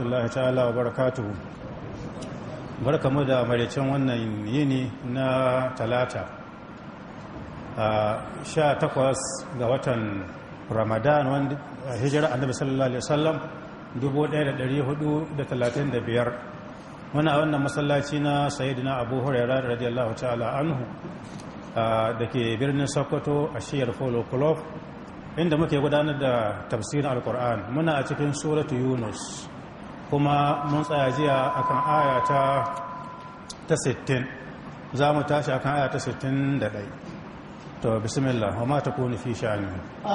rahmatullahi ta'ala wa barakatuhu barkamu da maraicin wannan yini na talata a sha takwas ga watan ramadan wanda hijira annabi sallallahu alaihi wasallam 1435 muna wannan masallaci na sayyidina abu huraira radiyallahu ta'ala anhu da ke birnin sokoto a shiyar folo club inda muke gudanar da tafsirin alkur'an muna a cikin suratu yunus kuma mun tsaya jiya kan aya ta 60 za mu tashi akan aya ta 61 to bismillah wa ma takunu fi sha'ani a'udhu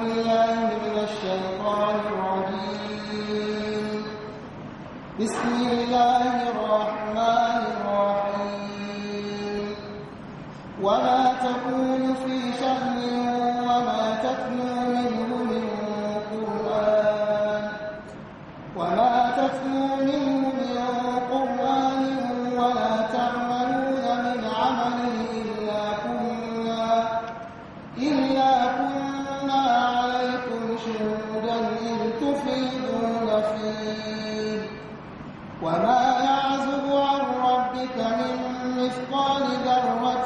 billahi minash shaitanir rajim bismillahir wa ma wa كمثقال ذرة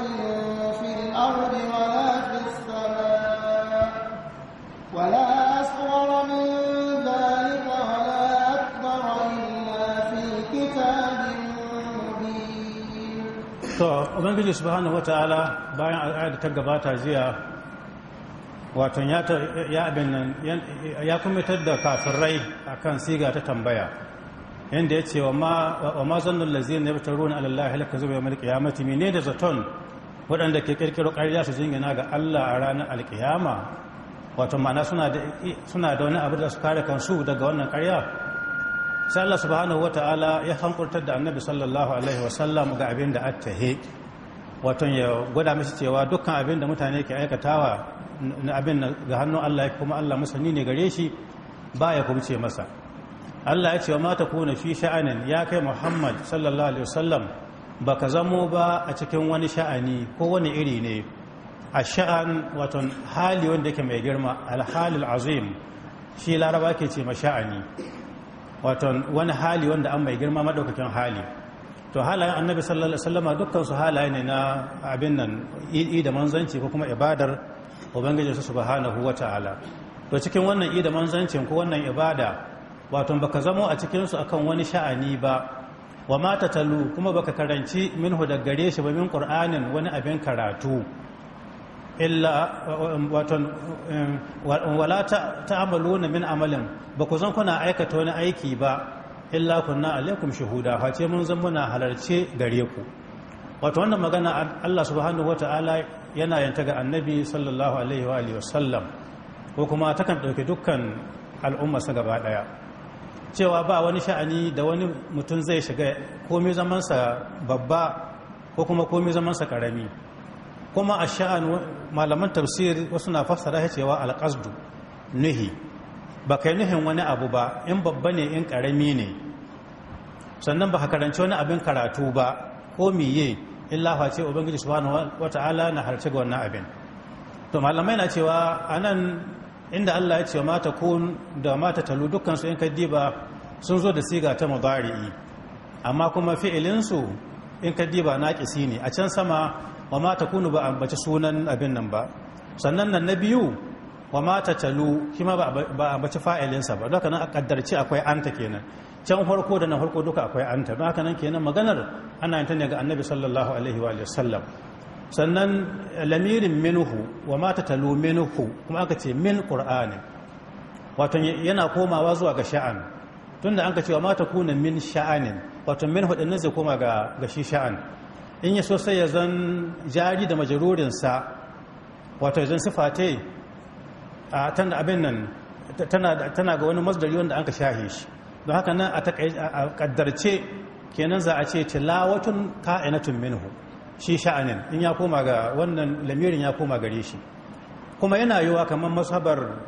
في الأرض ولا في السماء ولا أصغر من ذلك ولا أكبر إلا في كتاب مبين Ubangiji subhanahu wa ta'ala bayan da ta gabata zuwa wato ya abin nan ya kumitar da kafirai akan siga ta tambaya inda ya ce wa ma zannun lazir ne fitar ruwan alallahi halaka zuwa yamar kiyamati mene da zaton waɗanda ke ƙirƙiro ƙarya su zingina ga allah a ranar alkiyama wato ma'ana suna da wani abu da su kare kansu daga wannan ƙarya sai allah subhanahu ta'ala ya hankurtar da annabi sallallahu alaihi wasallam ga abin da he wato ya gwada mashi cewa dukkan abin da mutane ke aikatawa abin ga hannun allah kuma allah masani ne gare shi ba ya kumce masa Allah ya ce wa mata kuna fi sha'anin ya kai Muhammad sallallahu alaihi wasallam ka zamo ba a cikin wani sha'ani ko wani iri ne a sha'an waton hali wanda yake mai girma alhalil azim shi laraba ke ce ma sha'ani waton wani hali wanda an mai girma madaukakin hali to halayen annabi sallallahu alaihi wasallama dukkan su halaye ne na abin nan idi da manzanci ko kuma ibadar ubangiji subhanahu ta'ala to cikin wannan idi da manzancin ko wannan ibada wato baka zamo a cikin su akan wani sha'ani ba wa mata talu kuma baka karanci minhu da gare shi ba min qur'anin wani abin karatu illa wato um, wala ta'amaluna min amalin ba ku zan kuna aikata wani aiki ba illa kunna alaikum shuhuda ce mun zan muna halarce gare ku wato wannan magana Allah subhanahu wataala yana yanta ga annabi sallallahu alaihi wa alihi ko kuma takan dauke dukkan al'umma sa gaba daya cewa ba wani sha'ani da wani mutum zai shiga komi zamansa babba ko kuma komi zamansa karami kuma a sha'an malaman tafsir wasu na fassara cewa alƙasdu nuhi ba kai nuhin wani abu ba in babba ne in karami ne sannan ba ka karanci wani abin karatu ba ko miye illa face ubangiji subhanahu wata'ala na harce ga wannan abin to malamai na cewa anan inda Allah ya ce mata kun da mata talu dukkan in ka diba sun zo da siga ta mudari'i amma kuma fi'ilinsu in ka diba naqisi ne a can sama wa mata kunu ba ambaci sunan abin nan ba sannan nan na biyu wa mata talu kima ba ambaci fa'ilinsa ba don nan a kaddarci akwai anta kenan can farko da na farko duka akwai anta don haka nan kenan maganar ana yin ta ne ga annabi sallallahu alaihi wa sallam sannan lamirin minhu wa mata talo minhu kuma aka ce min ƙur'ani wato yana komawa zuwa ga sha'an tun da an ka cewa mata kuna min sha'anin wato min hudin zai koma ga shi sha'an in ya so ya zan jari da majalorinsa wato ya zan yi a tana abin nan tana ga wani masdari wanda an ka shahe shi don haka nan a kaddarce kenan za a ce tilawatun ka'inatun minhu shi sha'anin in ya koma ga wannan lamirin ya koma gare shi kuma yana yiwa kamar masabar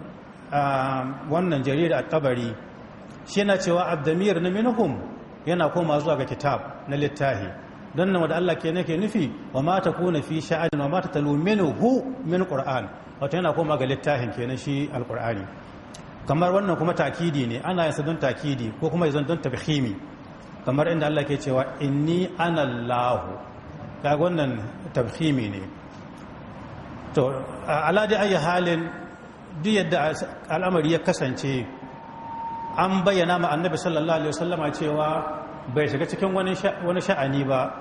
wannan jarir at shi yana cewa abdamir na minhum yana koma zuwa ga kitab na littahi don nan wadda Allah ke nake nufi wa ma ta kuna fi sha'anin wa ma ta talu minhu min qur'an wato yana koma ga littahin kenan shi alqur'ani kamar wannan kuma takidi ne ana yin don takidi ko kuma yanzu don tabhimi kamar inda Allah ke cewa inni ana lahu. ga wannan tabhimi ne to aladi ayi halin duk yadda al'amari ya kasance an bayyana ma annabi sallallahu alaihi wasallama cewa bai shiga cikin wani sha'ani ba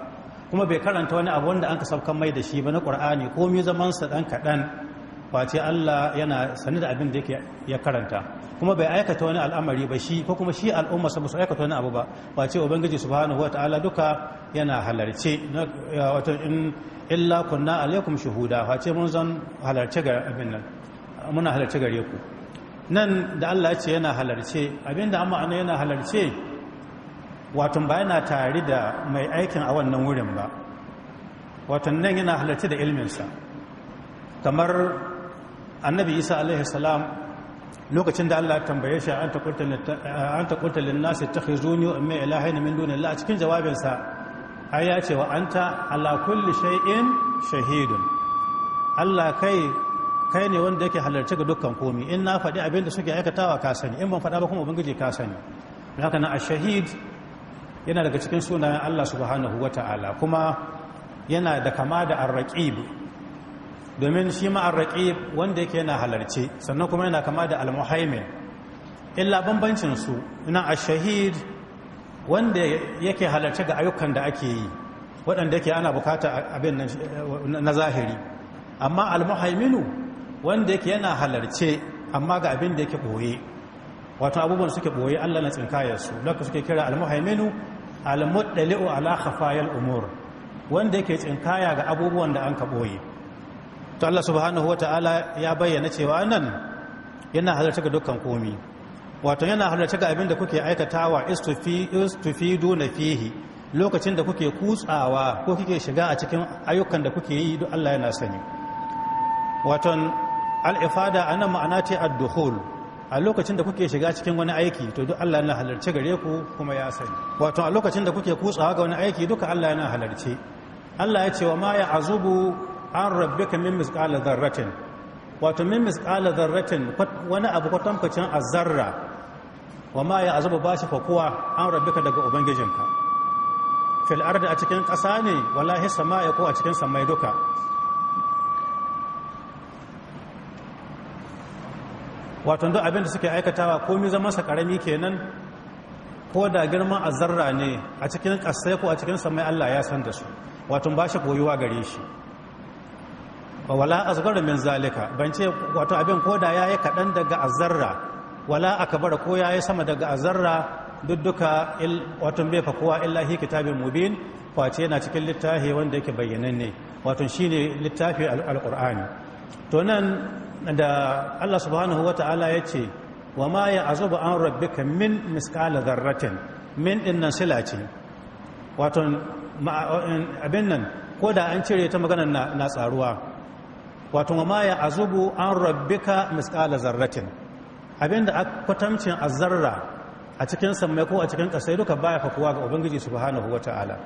kuma bai karanta wani abu wanda an ka mai da shi ba na ƙur'ani komi zamansa ɗan kaɗan face Allah yana sane da abin da yake ya karanta kuma bai aikata wani al'amari ba shi ko kuma shi al'umma su su aikata wani abu ba face ubangiji subhanahu wataala duka yana halarce wato in illa kunna alaikum shuhuda face mun zan halarce ga abin nan muna halarce gare ku nan da Allah ya ce yana halarce abin da amma ana yana halarce wato ba na tare da mai aikin a wannan wurin ba wato nan yana halarce da ilminsa kamar annabi isa alaihi salam lokacin da allah tambaye shi an takurta linnasi ta hizuni wa mai ilahaini min duni la'a cikin jawabinsa ai ya ce wa ala kulli shay'in shahidun allah kai kai ne wanda yake halarci ga dukkan komi in na faɗi abin da suke aikatawa ka sani in ban faɗa ba kuma ubangiji ka sani haka na a shahid yana daga cikin sunayen allah subhanahu wa ta'ala kuma yana da kama da arraƙibu domin shi ma'arraƙi wanda yake yana halarci sannan kuma yana kama da almuhaimin illa bambancin na a shahid wanda yake halarci ga ayyukan da ake yi waɗanda yake ana bukata abin na zahiri amma almuhaiminu wanda yake yana halarce amma ga abin da yake ɓoye wato abubuwan suke ɓoye allah na tsinkaya su lokacin suke kira almuhaiminu almuɗali'u ala khafayal umur wanda yake tsinkaya ga abubuwan da an ka ɓoye to Allah subhanahu wata'ala ya bayyana cewa nan yana halarta ga dukkan komi wato yana halarta ga abin da kuke aikatawa istufi duna fihi lokacin da kuke kutsawa ko kuke shiga a cikin ayyukan da kuke yi duk Allah yana sani wato al ifada anan ma'ana ce adduhul a lokacin da kuke shiga cikin wani aiki to duk Allah yana halarci gare ku kuma ya sani wato a lokacin da kuke kutsawa ga wani aiki duka Allah yana halarci Allah ya ce wa ma ya azubu an ka min misqala zarratin wato min misqala zarratin wani abu a zarra wa ma ya azubu bashi shi kuwa an ka daga ubangijinka fil ardi a cikin ƙasa ne wallahi ya ko a cikin samai duka wato duk abin da suke aikatawa komi zama sa karami kenan ko da girman zarra ne a cikin ƙasai ko a cikin samai Allah ya san da su wato ba shi koyuwa gare shi wala asgaru min zalika ban ce wato abin koda yayi kadan daga azarra wala bara ko yayi sama daga azarra dukkan il wato bai fakuwa illa hi kitabin mubin kwace yana cikin littafi wanda yake bayyananne wato shine littafi alqur'ani to nan da Allah subhanahu wataala ya ce wa ma ya azubu an rabbika min misqala dharratin min dinnan sila ce wato abin nan ko da an cire ta magana na tsaruwa wato ma ya azubu an rabbika misqala zarratin abinda kwatancin azzarra a cikin samai ko a cikin ƙasai duka baya fa fakuwa ga ubangiji subhanahu wataala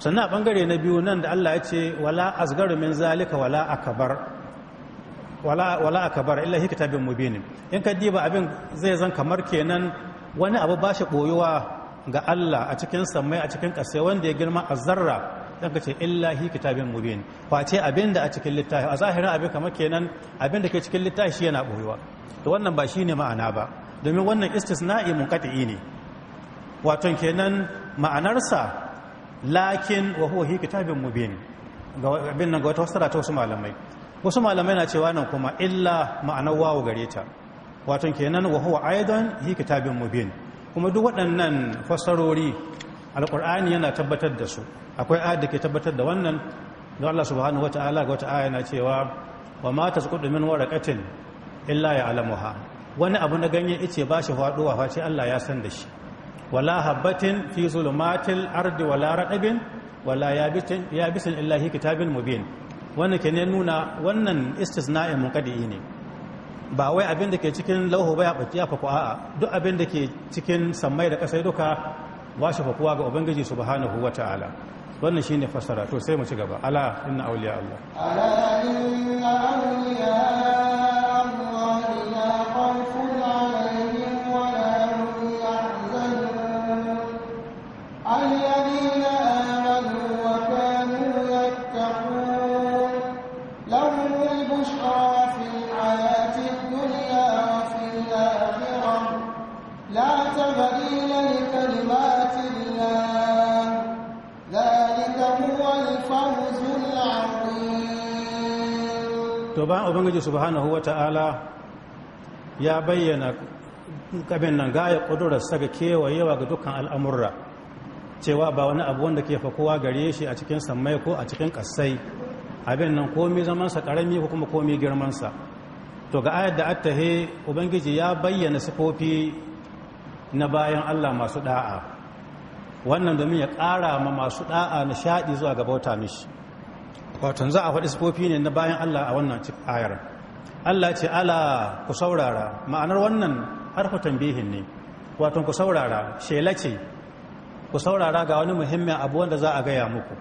sannan a bangare na biyu nan da Allah ya ce wala azgaru min zalika wala akbar wala akabar illa hi kitabin mubin in ka diba abin zai zan kamar kenan wani abu ba shi boyuwa ga Allah a cikin samai a cikin ƙasa wanda ya girma a zarra dan ce illa hi kitabin mubin abin abinda a cikin littafi a zahirin abin kama kenan abinda ke cikin littafi shi yana ɓoyewa da wannan ba shi ne ma'ana ba domin wannan istisna'i kati'i ne waton kenan ma'anarsa lakin wa huwa hi kitabin mubin ga abin nan ga wata wasara ta wasu malamai wasu malamai na cewa nan kuma illa ma'anar wawo gare ta waton kenan wa huwa aidan hi kitabin mubin kuma duk waɗannan fasarori alkur'ani yana tabbatar da su akwai ayat da ke tabbatar da wannan don Allah subhanahu wata'ala ga wata aya na cewa wa ma tasqutu min waraqatin illa ha? wani abu na ganye ice ba shi faduwa face Allah ya san da shi wala habbatin fi zulumatil ardi wala radabin wala yabitin yabisin illa hi kitabin mubin wannan ke ne nuna wannan istisna'in munqadi ne ba wai abin da ke cikin lauhu ba ya faku a'a duk abin da ke cikin sammai da kasai duka ba shi kuwa ga ubangiji subhanahu wata'ala wannan shine fasara to sai mu ci gaba ala inna auliya allah ala inna to ba ubangiji subhanahu wata'ala ya bayyana kabin nan gaya kudurarsa ga kewayewa ga dukkan al'amurra cewa ba wani abu wanda ke fakowa gare shi a cikin samai ko a cikin kasai abin nan komi zamansa karami ko kuma komi girmansa to ga ayar da attahe ubangiji ya bayyana sifofi na bayan allah masu da'a wannan domin ya kara ma masu da'a na nishaɗi zuwa ga bauta mishi wato za a faɗi sifofi ne na bayan Allah a wannan ayar Allah ce ala ku saurara ma'anar wannan harfa tambihin ne wato ku saurara shela ce ku saurara ga wani muhimmin abu wanda za a gaya muku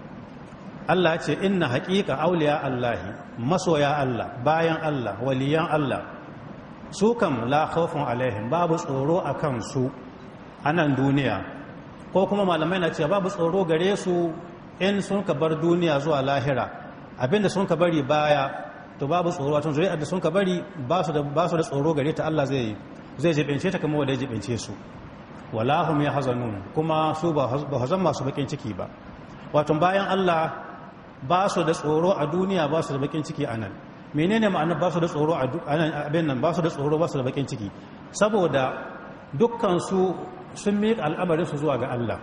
Allah ce inna haƙiƙa auliya Allahi masoya Allah bayan Allah waliyan Allah su kam la khawfun alaihim babu tsoro a kansu a nan duniya ko kuma malamai na ce babu tsoro gare su in sun ka bar duniya zuwa lahira abinda sun ka bari baya to babu tsoro wato zuri'ar da sun ka bari ba su da tsoro gare ta Allah zai zai jibince ta kamar wanda ya jibince su wallahu ya yahzanun kuma su ba hazan masu bakin ciki ba wato bayan Allah ba su da tsoro a duniya ba su da bakin ciki a nan menene ma'anar ba su da tsoro a abin nan ba su da tsoro ba su da bakin ciki saboda dukkan su sun miƙa al'amarin su zuwa ga Allah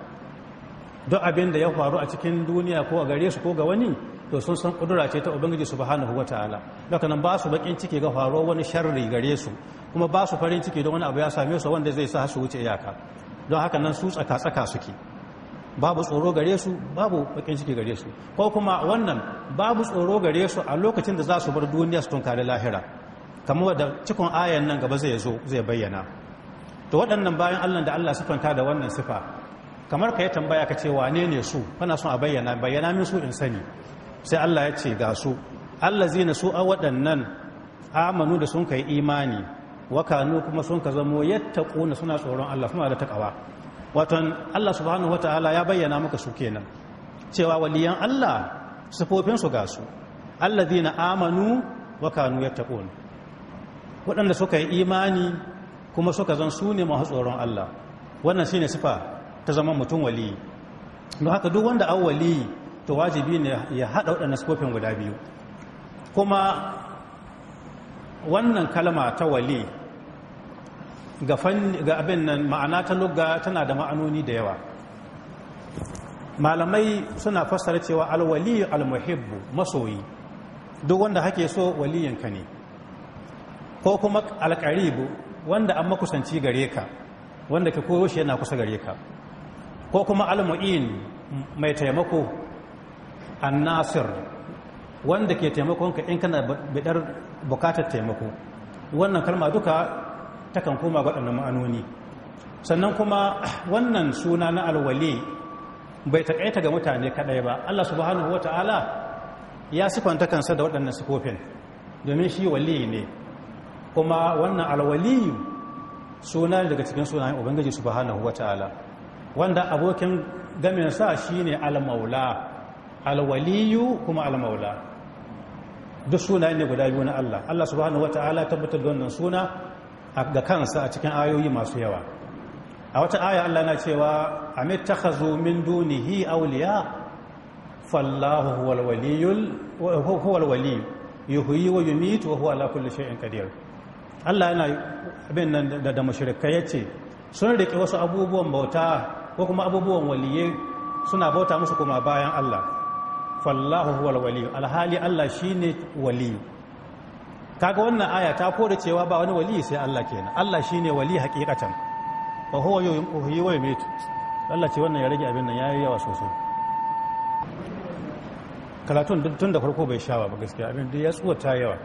duk abin da ya faru a cikin duniya ko a gare su ko ga wani to sun san kudura ce ta ubangiji subhanahu wataala daga nan ba su bakin ciki ga faruwar wani sharri gare su kuma ba su farin ciki don wani abu ya same su wanda zai sa su wuce iyaka don haka nan su tsaka tsaka suke babu tsoro gare su babu bakin ciki gare su ko kuma wannan babu tsoro gare su a lokacin da za su bar duniya su tunkari lahira kamar da cikon ayan nan gaba zai zo zai bayyana to waɗannan bayan Allah da Allah sifanta da wannan sifa kamar ka yi tambaya ka ce wane ne su kana son a bayyana bayyana min su in sani sai Allah ya ce ga su zai su a waɗannan amanu da sun kai imani wakanu kuma sun ka zamo ƙuna suna tsoron Allah kuma da takawa watan Allah subhanahu wataala ya bayyana muka su kenan cewa waliyan Allah sifofin su ga su na amanu wakanu ƙuna waɗanda suka yi imani kuma suka zan su ne masu tsoron Allah wannan shine sifa ta zama mutum wali don haka duk wanda an wali to wajibi ne ya haɗa waɗannan kofin guda biyu kuma wannan kalma ta wali ga abin nan ma'ana ta lugga tana da ma'anoni da yawa malamai suna fassara cewa alwali almuhibbu masoyi duk wanda hake so waliyanka ne ko kuma alkaribu wanda an makusanci gare ka wanda ka koyo shi yana kusa gare ka ko kuma almu'in mai taimako annasir wanda ke taimakonka in kana bidar bukatar taimako wannan kalma duka takan koma ga waɗannan ma'anoni sannan kuma wannan suna na alwali bai taƙaita ga mutane kaɗai ba allah subhanahu wa ta'ala ya sifanta kansa da waɗannan sifofin domin shi wali ne kuma wannan alwali suna daga cikin sunayen ubangiji subhanahu wa ta'ala wanda abokin gaminsa shine maula alwaliyu kuma almaula duk sunaye ne guda biyu na Allah Allah subhanahu wataala tabbatar da wannan suna ga kansa a cikin ayoyi masu yawa a wata aya Allah na cewa amittakhazu min dunihi awliya fallahu huwal waliyul huwal waliy yuhyi wa yumitu wa huwa ala kulli shay'in qadir Allah yana abin nan da mushrikai yace sun rike wasu abubuwan bauta ko kuma abubuwan waliyai suna bauta musu kuma bayan Allah fallahu huwa wali alhali Allah shine wali kaga wannan aya ta kore cewa ba wani wali sai Allah kenan Allah shine wali hakikatan fa huwa yuhyi wa yumitu Allah ce wannan ya rage abin nan yayi yawa sosai karatun tun da farko bai shawa ba gaskiya abin da ya ta yawa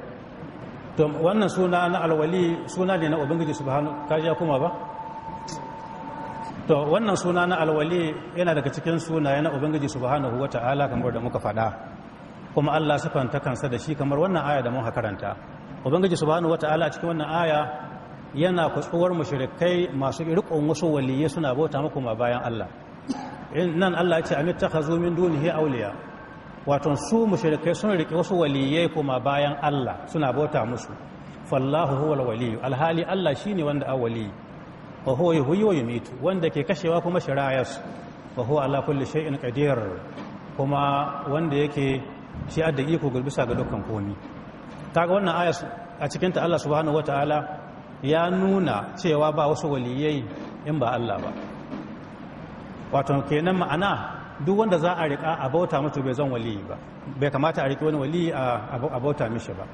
to wannan suna na alwali suna ne na ubangiji subhanahu kaji ya kuma ba to wannan suna na alwali yana daga cikin sunaye na ubangiji subhanahu wata'ala kamar da muka faɗa kuma Allah sifanta kansa da shi kamar wannan aya da muka karanta ubangiji subhanahu wata'ala cikin wannan aya yana kutsuwar mushrikai masu riƙon wasu waliyai suna bauta muku ma bayan Allah nan Allah ya ce amit takhazu min dunihi awliya wato su mushrikai sun riƙe wasu waliyyai kuma bayan Allah suna bauta musu fallahu huwal waliyu alhali Allah shine wanda awali wa huwa yuhyi wa yumitu wanda ke kashewa kuma shi rayas wa huwa ala kulli shay'in kadiyar kuma wanda yake shi da iko gulbisa ga dukkan komi kaga wannan aya a cikin ta Allah subhanahu wataala ya nuna cewa ba wasu waliyai in ba Allah ba wato kenan ma'ana duk wanda za a riƙa a bauta mutu bai zan waliyi ba bai kamata a riƙe wani waliyi a bauta mishi ba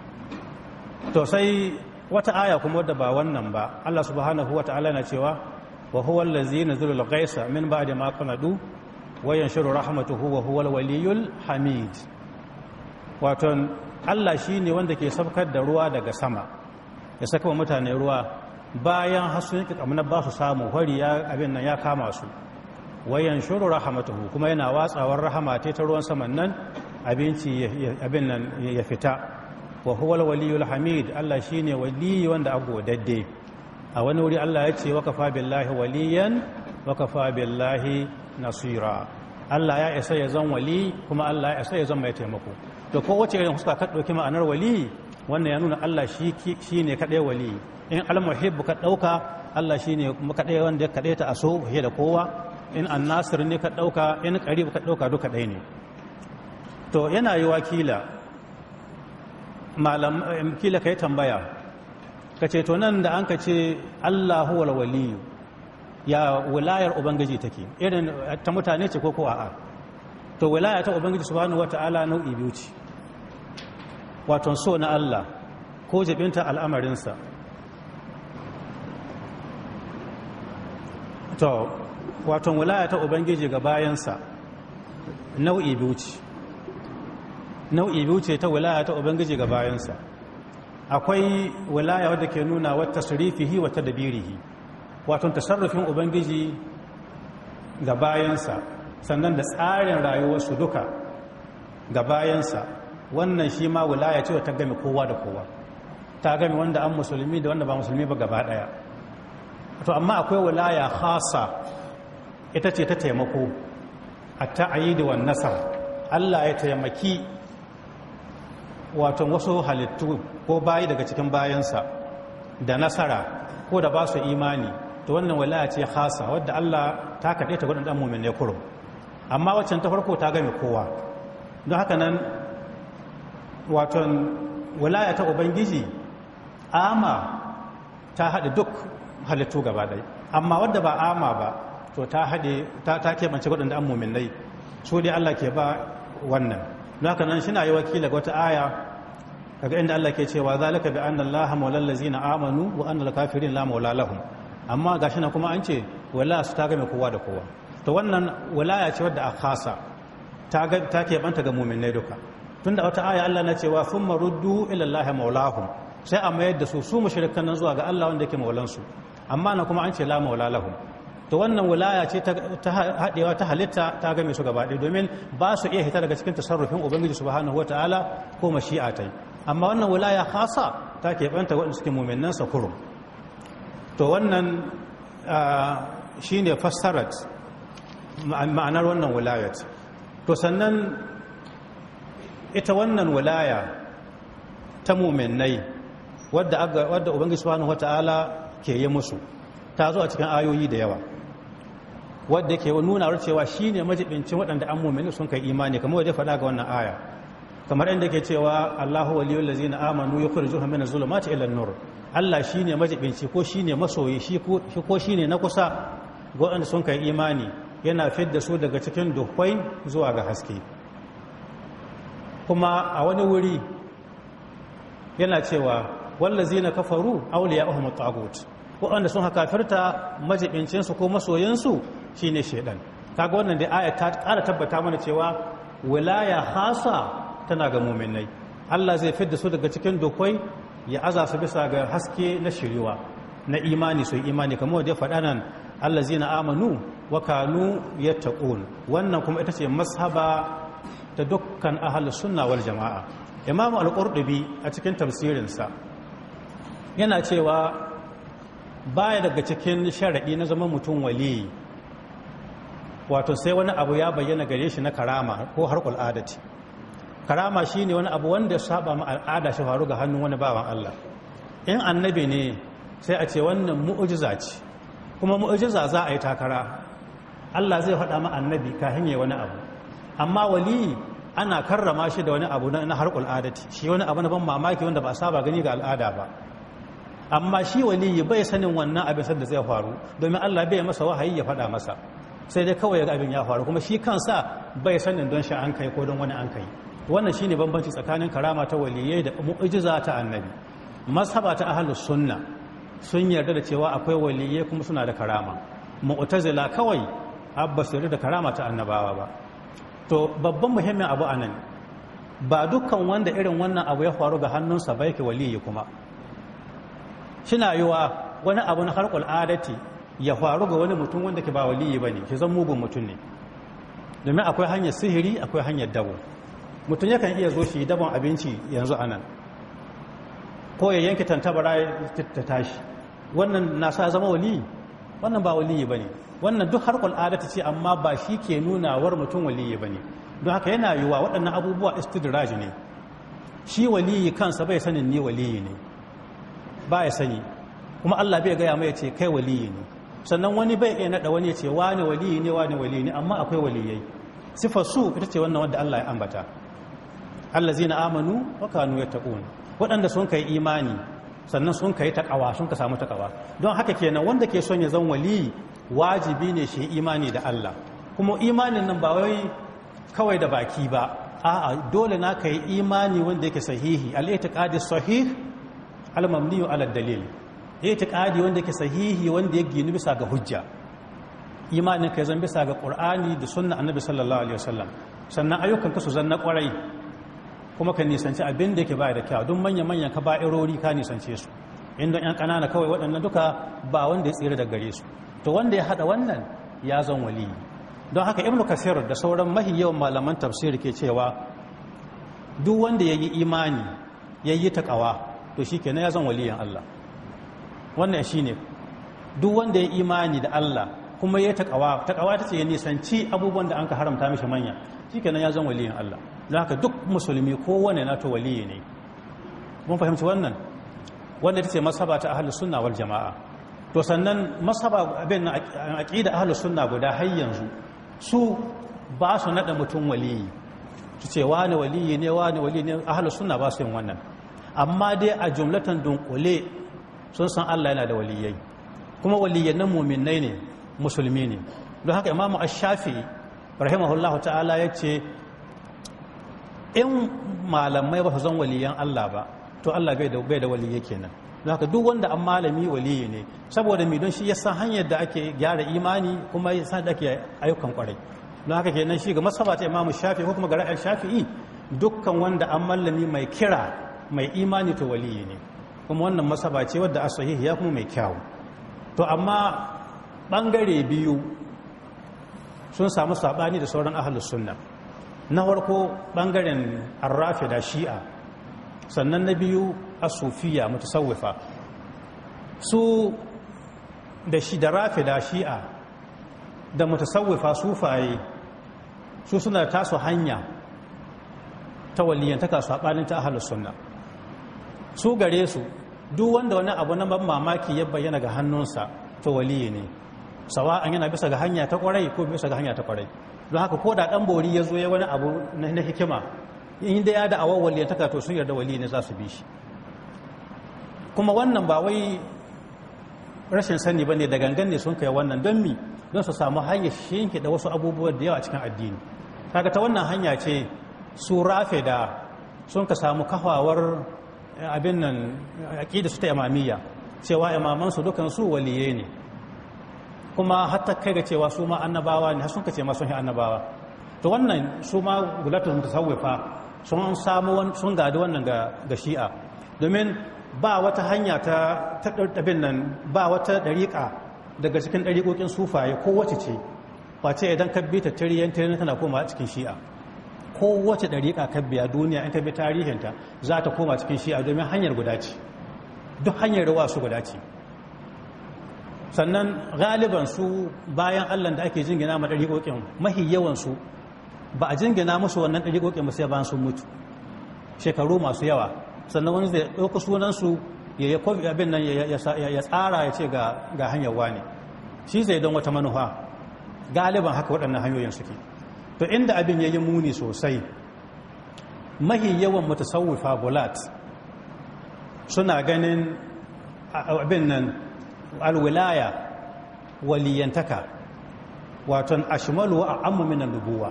to sai wata aya kuma wadda ba wannan ba Allah subhanahu wa ta'ala na cewa wa huwa allazi nazala al-ghaisa min ba'di ma qanadu wa yanshuru rahmatuhu wa huwa al-waliyul hamid waton Allah shine wanda ke saukar da ruwa daga sama ya saka wa mutane ruwa bayan hasun yake kamar ba su samu hori abin nan ya kama su wa yanshuru rahmatuhu kuma yana watsawar rahama ta ruwan saman nan abinci abin nan ya fita wa huwal waliyul hamid Allah shine waliyi wanda agodadde a wani wuri Allah ya ce wakafa billahi waliyan wakafa billahi nasira Allah ya isa ya zan wali kuma Allah ya isa ya zan mai taimako da kowace irin huska ka ɗauki ma'anar wali wannan ya nuna Allah shi ne kaɗai wali in al-muhibbu ka ɗauka Allah shi ne wanda ya kaɗai ta a so fiye da kowa in al-nasir ne ka ɗauka in ƙarib ka ɗauka duka ɗaya ne to yana yi wakila malam kila kai tambaya ka ce to nan da an ka ce Allahu wal waliyu ya wilayar ubangiji take irin eh, ta mutane ce ko ko a'a to wilaya ta ubangiji subhanahu wataala nau'i biyu ce waton so na Allah ko jibinta al'amarinsa to waton wilaya ta ubangiji ga bayansa nau'i biyu ce nau'i biyu ce ta wilaya ta ubangiji ga bayansa akwai wilaya wadda ke nuna wata surifihi wata dabirihi wato tasarrufin ubangiji ga bayansa sannan da tsarin rayuwarsu duka ga bayansa wannan shi ma wilaya ce ta gami kowa da kowa ta gami wanda an musulmi da wanda ba musulmi ba gaba daya to amma akwai wilaya khasa ita ce ta taimako a ta'ayi da wannan Allah ya taimaki wato wasu halittu ko bayi daga cikin bayansa da nasara ko da ba su imani to wannan walaya ce hasa wadda Allah ta kaɗe ta gudun ɗan ne kurum amma waccan ta farko ta game kowa don haka nan waton walaya ta ubangiji ama ta haɗe duk halittu gaba ɗai amma wadda ba ama ba to ta haɗe ta keɓance waɗanda an muminai su dai allah ke ba wannan don haka nan yi wakila ga wata aya daga inda Allah ke cewa zalika bi anna Allah mawlal ladzina amanu wa anna al-kafirin la mawla lahum amma gashi na kuma an ce wala su ta game kowa da kowa to wannan walaya ce wadda a khasa ta ta ke banta ga mu'minai duka tunda wata aya Allah na cewa thumma ruddu ila Allah sai a mayar da su su mushrikan nan zuwa ga Allah wanda yake maulansu amma na kuma an ce la mawla lahum to wannan wilaya ce ta haɗewa ta halitta ta game su gaba ɗaya domin ba su iya hita daga cikin tasarrufin ubangiji subhanahu ta'ala ko mashi'a ta amma wannan wilaya kasa ta keɓanta waɗanda suke muminan sa kurum to wannan shi ne fassarat ma'anar wannan wilayat to sannan ita wannan wilaya ta muminai wadda ubangiji subhanahu ta'ala ke yi musu ta zo a cikin ayoyi da yawa wadda ke nuna cewa shi ne majibincin waɗanda an mummini sun kai imani kamar wadda faɗa ga wannan aya kamar inda ke cewa Allahu waliyul ladzina amanu yukhrijuhum min az-zulumati ila nur Allah shi ne majibinci ko shi ne masoyi shi ko shi ne na kusa ga waɗanda sun kai imani yana da su daga cikin duhwai zuwa ga haske kuma a wani wuri yana cewa wallazina kafaru awliya'uhum at-taghut waɗanda sun haka kafirta majibincinsu ko masoyinsu Shi shine shedan kaga wannan da aya ta ƙara tabbata mana cewa wilaya hasa tana ga muminai Allah zai fidda su daga cikin dokwai ya aza su bisa ga haske na shiriwa na imani su imani kamar da faɗa nan Allah na amanu wa kanu yattaqun wannan kuma ita ce mashaba ta dukkan ahlus sunna wal jama'a Imam al-Qurtubi a cikin tafsirinsa yana cewa baya daga cikin sharadi na zaman mutum waliyi wato sai wani abu ya bayyana gare shi na karama ko harkul adati karama shi ne wani abu wanda ya saba ma al'ada shi faru ga hannun wani bawan Allah in annabi ne sai a ce wannan mu'ujiza ce kuma mu'ujiza za a yi takara Allah zai faɗa ma annabi kafin ya wani abu amma wali ana karrama shi da wani abu na harkul adati shi wani abu na ban mamaki wanda ba saba gani ga al'ada ba amma shi waliyi bai sanin wannan abin da zai faru domin Allah bai masa wahayi ya faɗa masa sai dai kawai ga abin ya faru kuma shi kansa bai sanin don shi an kai ko don wani an kai wannan shine bambanci tsakanin karama ta waliyai da mu'jiza ta annabi mashaba ta ahlus sunna sun yarda da cewa akwai waliyai kuma suna da karama mu'tazila kawai abbas da karama ta annabawa ba to babban muhimmin abu anan ba dukkan wanda irin wannan abu ya faru ga hannunsa ba ke waliyi kuma shina yiwa wani abu na harkar adati ya faru ga wani mutum wanda ke ba waliyi ba ne ke zan mugun mutum ne domin akwai hanyar sihiri akwai hanyar dabo mutum yakan iya zo shi dabon abinci yanzu a nan ko ya yanke tantabara ta tashi wannan na sa zama waliyi wannan ba waliyi ba ne wannan duk harkar adata ce amma ba shi ke nunawar mutum waliyi ba ne don haka yana yiwuwa waɗannan abubuwa istidraj ne shi waliyi kansa bai sanin ni waliyi ne ba ya sani kuma allah bai gaya mai ce kai waliyi ne sannan wani bai iya naɗa wani ya ce wani waliyi ne wani waliyi ne amma akwai waliyai sifar su ita ce wannan wanda Allah ya ambata Allah zina amanu wa kanu yattaqun waɗanda sun kai imani sannan sun kai takawa sun ka samu takawa don haka kenan wanda ke son ya zan waliyi wajibi ne shi imani da Allah kuma imanin nan ba wai kawai da baki ba a'a dole na kai imani wanda yake sahihi al-i'tiqadi sahih al-mabni ala dalil itiqadi wanda yake sahihi wanda ya ginu bisa ga hujja imanin ka zan bisa ga qur'ani da sunna annabi sallallahu alaihi wasallam sannan ayyukan ka su zanna kwarai kuma ka nisanci abin da yake ba da kyau don manya manyan ka ba ba'irori ka nisance su inda yan ƙanana kawai waɗannan duka ba wanda ya tsira da gare su to wanda ya haɗa wannan ya zan wali don haka ibnu kasir da sauran mahi yawan malaman tafsir ke cewa duk wanda ya yi imani ya yi ƙawa to shi kenan ya zan waliyan Allah wannan shine duk wanda ya imani da Allah kuma ya takawa takawa ta ce ya nisanci abubuwan da an ka haramta mishi manya shikenan ya zan waliyin Allah don duk musulmi ko kowane na to waliyi ne mun fahimci wannan wanda ta ce masaba ta ahlus sunna wal jama'a to sannan masaba abin aqida ahlus sunna guda har yanzu su ba su nada mutum waliyi su ce wani waliyi ne wani waliyi ne ahlus sunna ba su yin wannan amma dai a jumlatan dunkule sun san Allah yana da waliyai kuma waliyyan nan muminai ne musulmi ne don haka imamu Ashafi shafi rahimahullahu ta'ala ya ce in malamai ba su zan waliyan Allah ba to Allah bai da waliyyai kenan don haka duk wanda an malami waliyi ne saboda mi don shi ya san hanyar da ake gyara imani kuma ya san da ake ayyukan kwarai don haka kenan shi ga masaba ta imamu shafi ko kuma ga ra'ayin shafi'i dukkan wanda an mallami mai kira mai imani to waliyi ne kuma wannan masaba ce wadda asahihi ya kuma mai kyawu to amma bangare biyu sun samu sabani da sauran ahlus sunna na farko bangaren da shi'a sannan na biyu asufiya mutasawwifa su da shi da da shi'a da mutasawwifa sufaye su suna taso hanya ta waliyantaka sabanin ta ahlus sunna su gare su duk wanda wani abu na ban mamaki ya bayyana ga hannunsa to waliyi ne sawa an yana bisa ga hanya ta kwarai ko bisa ga hanya ta kwarai don haka ko da dan bori ya zo ya wani abu na hikima in da ya da awar waliyantaka to sun yarda waliyi ne za su bi shi kuma wannan ba wai rashin sani ba ne da gangan ne sun kai wannan don mi don su samu hanyar shinki da wasu abubuwa da yawa cikin addini kaga ta wannan hanya ce su rafe da sun ka samu kafawar abin nan aƙida su ta imamiyya cewa imamansu dukansu waliye ne kuma hatta kai ga cewa su ma annabawa ne har sun kace ma sun yi annabawa to wannan su ma ta mutasawwifa sun samu sun gadi wannan ga shi'a domin ba wata hanya ta taɗaɗɗabin nan ba wata ɗariƙa daga cikin ɗariƙoƙin sufaye ko wace ce wace idan ka bi ta tiriyan tiriyan tana koma cikin shi'a kowace ɗariƙa ka biya duniya in ka bi tarihinta za ta koma cikin shi'a domin hanyar guda ce duk hanyar ruwa su guda ce sannan galiban su bayan allon da ake jingina ma ɗariƙoƙin mahi yawansu ba a jingina musu wannan ɗariƙoƙin ba sai bayan sun mutu shekaru masu yawa sannan wani zai ɗauka sunansu ya yi kofi abin nan ya tsara ya ce ga hanyar wani shi zai don wata manufa galiban haka waɗannan hanyoyin suke to inda abin ya yi muni sosai mahi yawan matasawufa gulat suna ganin abin nan alwilaya waliyantaka waton ashimalu a ammuminan rubuwa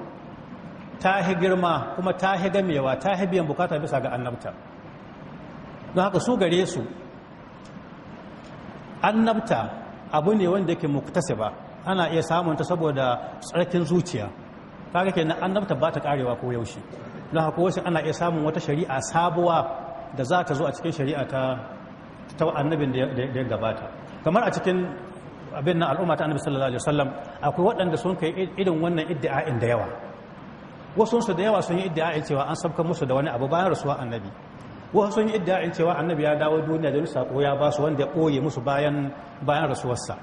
ta hi girma kuma ta hi gamewa ta hi biyan bukata bisa ga annabta don haka su gare su annabta abu ne wanda yake muktasi ana iya samunta saboda tsarkin zuciya kaga kenan annabta ba ta karewa ko yaushe don haka wasu ana iya samun wata shari'a sabuwa da za ta zo a cikin shari'a ta ta annabin da ya gabata kamar a cikin abin na al'umma ta annabi sallallahu alaihi wasallam akwai waɗanda sun kai irin wannan iddia'in da yawa wasu su da yawa sun yi iddia'in cewa an sabka musu da wani abu bayan rasuwa annabi wasu sun yi iddia'in cewa annabi ya dawo duniya da ko ya ba su wanda ya ɓoye musu bayan bayan rasuwarsa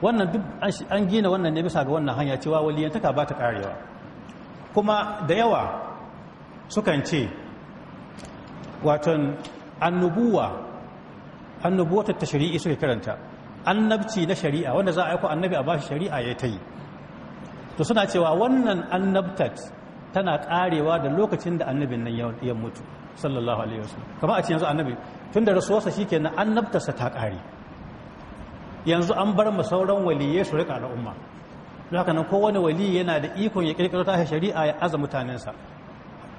wannan duk an gina wannan ne bisa ga wannan hanya cewa waliyantaka ba ta karewa kuma da yawa sukan ce waton annubuwa annubuwatar ta shari'i suke karanta annabci na shari'a wanda za a aiko annabi a bashi shari'a ya ta yi to suna cewa wannan annabtat tana karewa da lokacin da annabin nan ya mutu sallallahu alaihi wasallam kamar a ce yanzu annabi tun da rasuwarsa shikenan annabtarsa ta kare yanzu an bar mu sauran waliyai su rika al'umma don haka nan kowane wali yana da ikon ya kirkiro ta shari'a ya aza mutanensa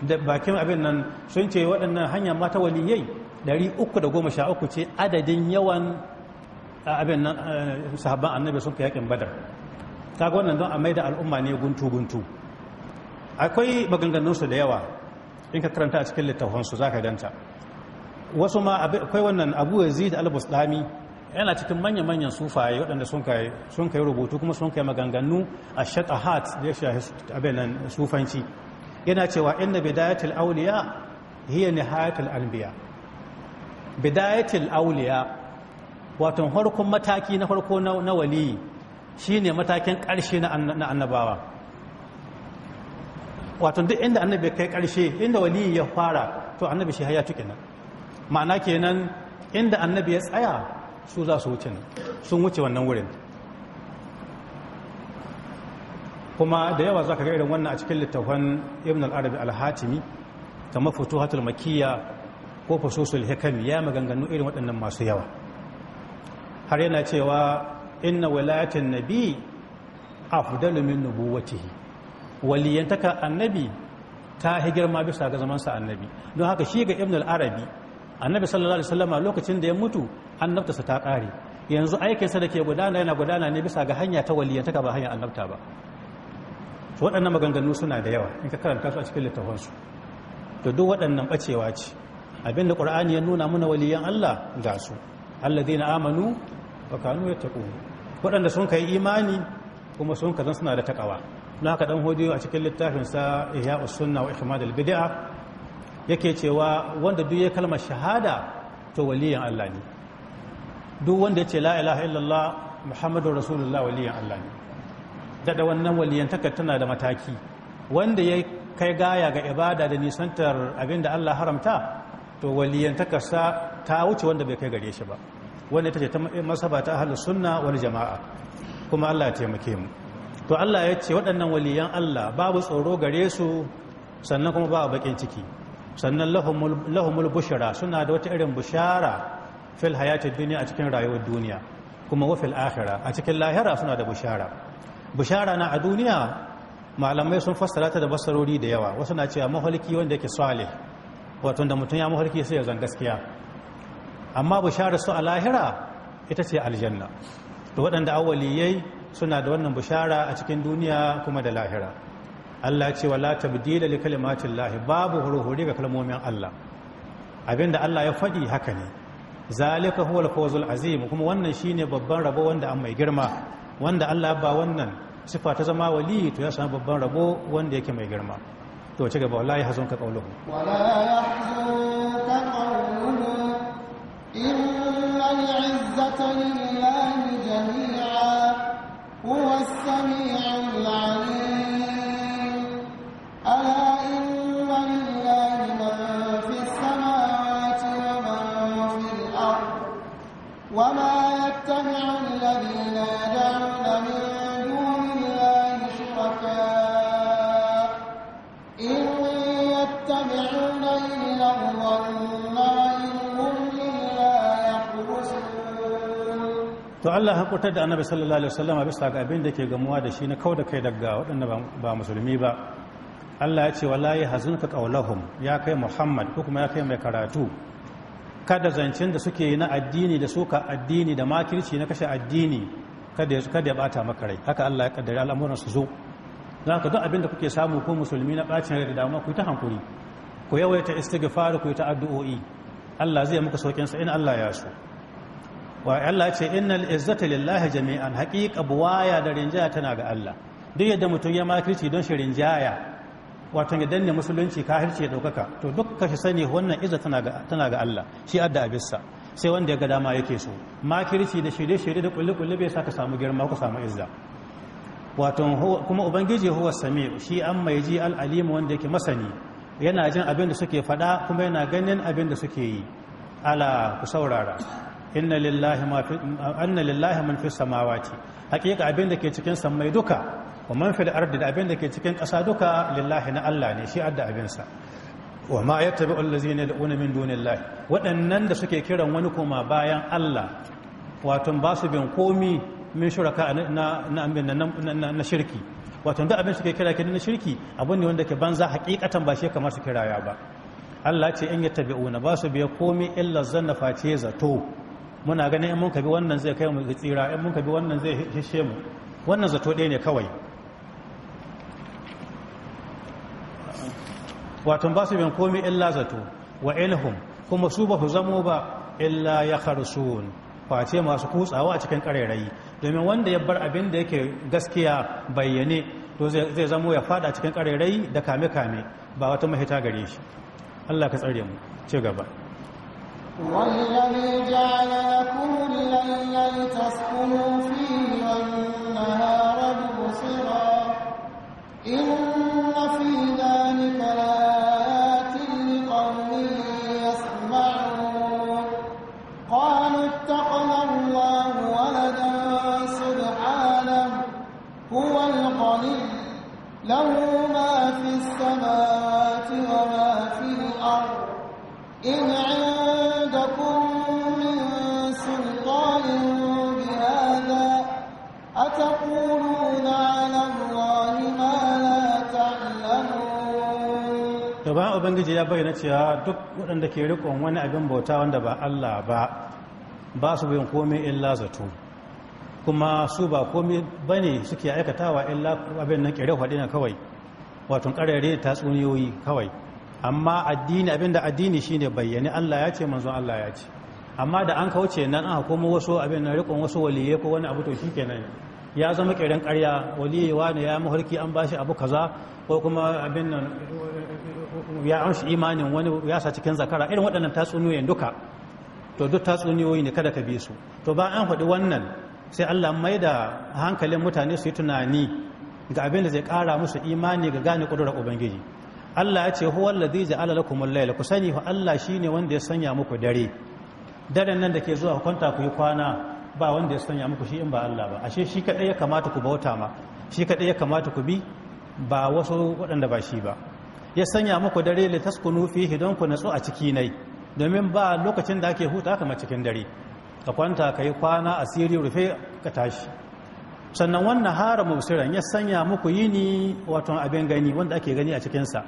da bakin abin nan sun ce waɗannan hanya mata waliyai 313 ce adadin yawan abin nan sahabban annabi sun fi yakin badar ga wannan don a mai da al'umma ne guntu-guntu akwai maganganunsu da yawa in ka karanta a cikin littafansu za ka danta wasu ma akwai wannan abu da albus d'ami. yana cikin manya-manyan sufaye waɗanda sun kai rubutu kuma sun kai maganganu a shaƙahat da ya shahi abinan sufanci yana cewa inda bidayatul auliya ne nihayatul anbiya bidayatul auliya wato harkon mataki na harko na waliyi shine matakin ƙarshe na annabawa wato duk inda annabi kai ƙarshe inda waliyi ya fara to annabi shi ya tuƙi nan ma'ana kenan inda annabi ya tsaya su za su wuce nan sun wuce wannan wurin kuma da yawa za ka ga irin wannan a cikin littafan ibn al-arabi al-hatimi kamar hatul makiyya ko fasosul hikami ya maganganu irin waɗannan masu yawa har yana cewa inna wilayatin nabi fudalu min nubuwatihi waliyantaka annabi ta hi girma bisa ga zamansa annabi don haka shi ga ibn al-arabi annabi sallallahu alaihi wasallama lokacin da ya mutu annabtarsa ta ƙare yanzu aikinsa da ke gudana yana gudana ne bisa ga hanya ta waliyanta ba hanyar annabta ba su waɗannan maganganu suna da yawa in ka karanta su a cikin littafansu to duk waɗannan ɓacewa ce abin da ƙur'ani ya nuna mana waliyan allah ga su Allah zai na amanu wa kanu ya taƙo waɗanda sun yi imani kuma sun suna da taƙawa na haka ɗan hodiyo a cikin littafinsa ya usunna wa ihmad al yake cewa wanda duk ya kalmar shahada to waliyan allah ne duk wanda ya ce la ilaha illallah muhammadu rasulullah waliyan Allah ne daɗa wannan waliyantaka tana da mataki wanda ya kai gaya ga ibada da nisantar abin da Allah haramta to waliyantakarsa ta wuce wanda bai kai gare shi ba wanda ta ce ta masaba ta halar suna wani jama'a kuma Allah ya taimake mu to Allah ya ce waɗannan waliyan Allah babu tsoro gare su sannan kuma ba a bakin ciki sannan lahumul bushara suna da wata irin bushara fil hayatid duniya a cikin rayuwar duniya kuma wa fil akhirah a cikin lahira suna da bushara bushara na a duniya malamai sun fassara ta da basarori da yawa wasu na cewa mahalki wanda yake salih wato da mutum ya mahalki sai ya zanga gaskiya amma bushara su a lahira ita ce aljanna to waɗanda awaliyai suna da wannan bushara a cikin duniya kuma da lahira Allah ce wala tabdila li babu hurhuri ga kalmomin Allah abinda Allah ya faɗi haka ne zalika huwal fawzul azim kuma wannan shine babban rabo wanda an mai girma wanda Allah ba wannan sifa ta zama wali to ya samu babban rabo wanda yake mai girma to ci gaba wallahi hazon ka kauluhu wala yahzunka qawluhum innal izzata lillahi jami'a huwa as-sami'ul 'alim to Allah ya hakurtar da annabi sallallahu alaihi wasallam bisa ga abin da ke gamuwa da shi na kau da kai daga waɗanda ba musulmi ba Allah ya ce wallahi hazunka kaulahum ya kai Muhammad ko kuma ya kai mai karatu kada zancen da suke yi na addini da suka addini da makirci na kashe addini kada ya kada ya bata maka rai haka Allah ya kaddara al'amuran su zo za ka duk abin da kuke samu ko musulmi na bacin rai da damuwa ku ta hankuri ku yawaita istighfar ku ta addu'o'i Allah zai muku saukin sa in Allah ya so wa Allah ce innal izzata lillahi jami'an haqiqa buwaya da rinjaya tana ga Allah duk yadda mutum ya makirci don shi rinjaya wato ya danne musulunci ka ya daukaka to duk ka shi sani wannan izza tana ga Allah shi adda abissa sai wanda ya ga dama yake so makirci da shirye-shirye da kulle-kulle bai sa ka samu girma ko samu izza wato kuma ubangiji huwa sami'u shi an mai ji alim wanda yake masani yana jin abin da suke faɗa kuma yana ganin abin da suke yi ala ku saurara inna lillahi anna lillahi man fi samawati hakika abin da ke cikin sammai duka wa man fil ardi abin da ke cikin ƙasa duka lillahi na Allah ne shi adda abin sa wa ma yattabi'u allazina yad'una min dunillahi waɗannan da suke kiran wani koma bayan Allah wato ba su bin komi min shuraka na na na shirki wato duk abin suke kira kidan na shirki abin ne wanda ke banza hakikatan ba shi kamar su kiraya ba Allah ce in yattabi'una ba su biya komi illa zanna face zato muna ganin in mun bi wannan zai kai mu tsira in mun bi wannan zai hishe mu wannan zato ɗaya ne kawai wato ba su bin komi illa zato wa ilhum kuma su ba su zamo ba illa ya kharsun face masu kutsawa a cikin ƙarairayi domin wanda ya bar abin da yake gaskiya bayyane to zai zamo ya fada cikin ƙarairayi da kame-kame ba wata mahita gare shi Allah ka tsare mu ce gaba والذي جعل لكم الليل لتسكنوا فيه والنهار مبصرا إن في ذلك لآيات لقوم يسمعون قالوا اتقنا الله ولدا سبحانه هو الغني له ما في السماوات وما في الأرض إن أتقولون على الله ما لا تعلمون ubangiji ya bayyana cewa duk waɗanda ke rikon wani abin bauta wanda ba Allah ba ba su bin komai illa zato kuma su ba komai ba ne suke aikatawa illa abin nan kere faɗi na kawai wato ƙarare tatsuniyoyi kawai amma addini da addini shine bayyane Allah ya ce manzon Allah ya ce amma da an kauce nan aka komo wasu abin na rikon wasu waliye ko wani abu to shi kenan ya zama kiran karya waliyewa ne ya mafarki an bashi abu kaza ko kuma abin nan ya amshi imanin wani ya sa cikin zakara irin waɗannan tatsuniyoyin duka to duk tatsuniyoyi ne kada ka bi su to ba an faɗi wannan sai Allah mai da hankalin mutane su yi tunani ga abin da zai ƙara musu imani ga gane ƙudurar ubangiji Allah ya ce huwa ladhi ja'ala lakum al-layla ku sani fa Allah shine wanda ya sanya muku dare daren nan da ke zuwa kwanta ku yi kwana ba wanda ya sanya muku shi in ba Allah ba ashe shi kadai ya kamata ku bauta ma shi kadai ya kamata ku bi ba wasu waɗanda ba shi ba ya sanya muku dare li taskunu fihi don ku natsu a ciki nai domin ba lokacin da ake huta kamar cikin dare ka kwanta ka yi kwana asiri rufe ka tashi sannan wannan hara musiran ya sanya muku yini wato abin gani wanda ake gani a cikinsa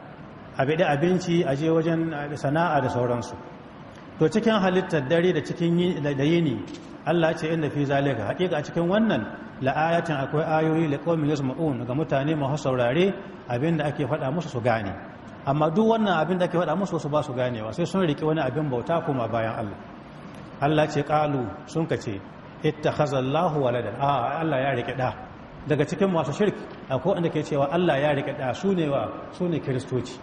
a da abinci a je wajen sana'a da sauransu to cikin halittar dare da cikin yini Allah ce inda fi zalika hakika a cikin wannan la'ayatin akwai ayoyi da qaumin yasma'un ga mutane masu saurare abinda ake faɗa musu su gane amma duk wannan abinda ake faɗa musu su ba su ganewa sai sun riƙe wani abin bauta kuma bayan Allah Allah ce qalu sun kace ittakhadha Allahu waladan a Allah ya riƙe da daga cikin masu shirki akwai wanda ke cewa Allah ya riƙe da su ne wa su ne kiristoci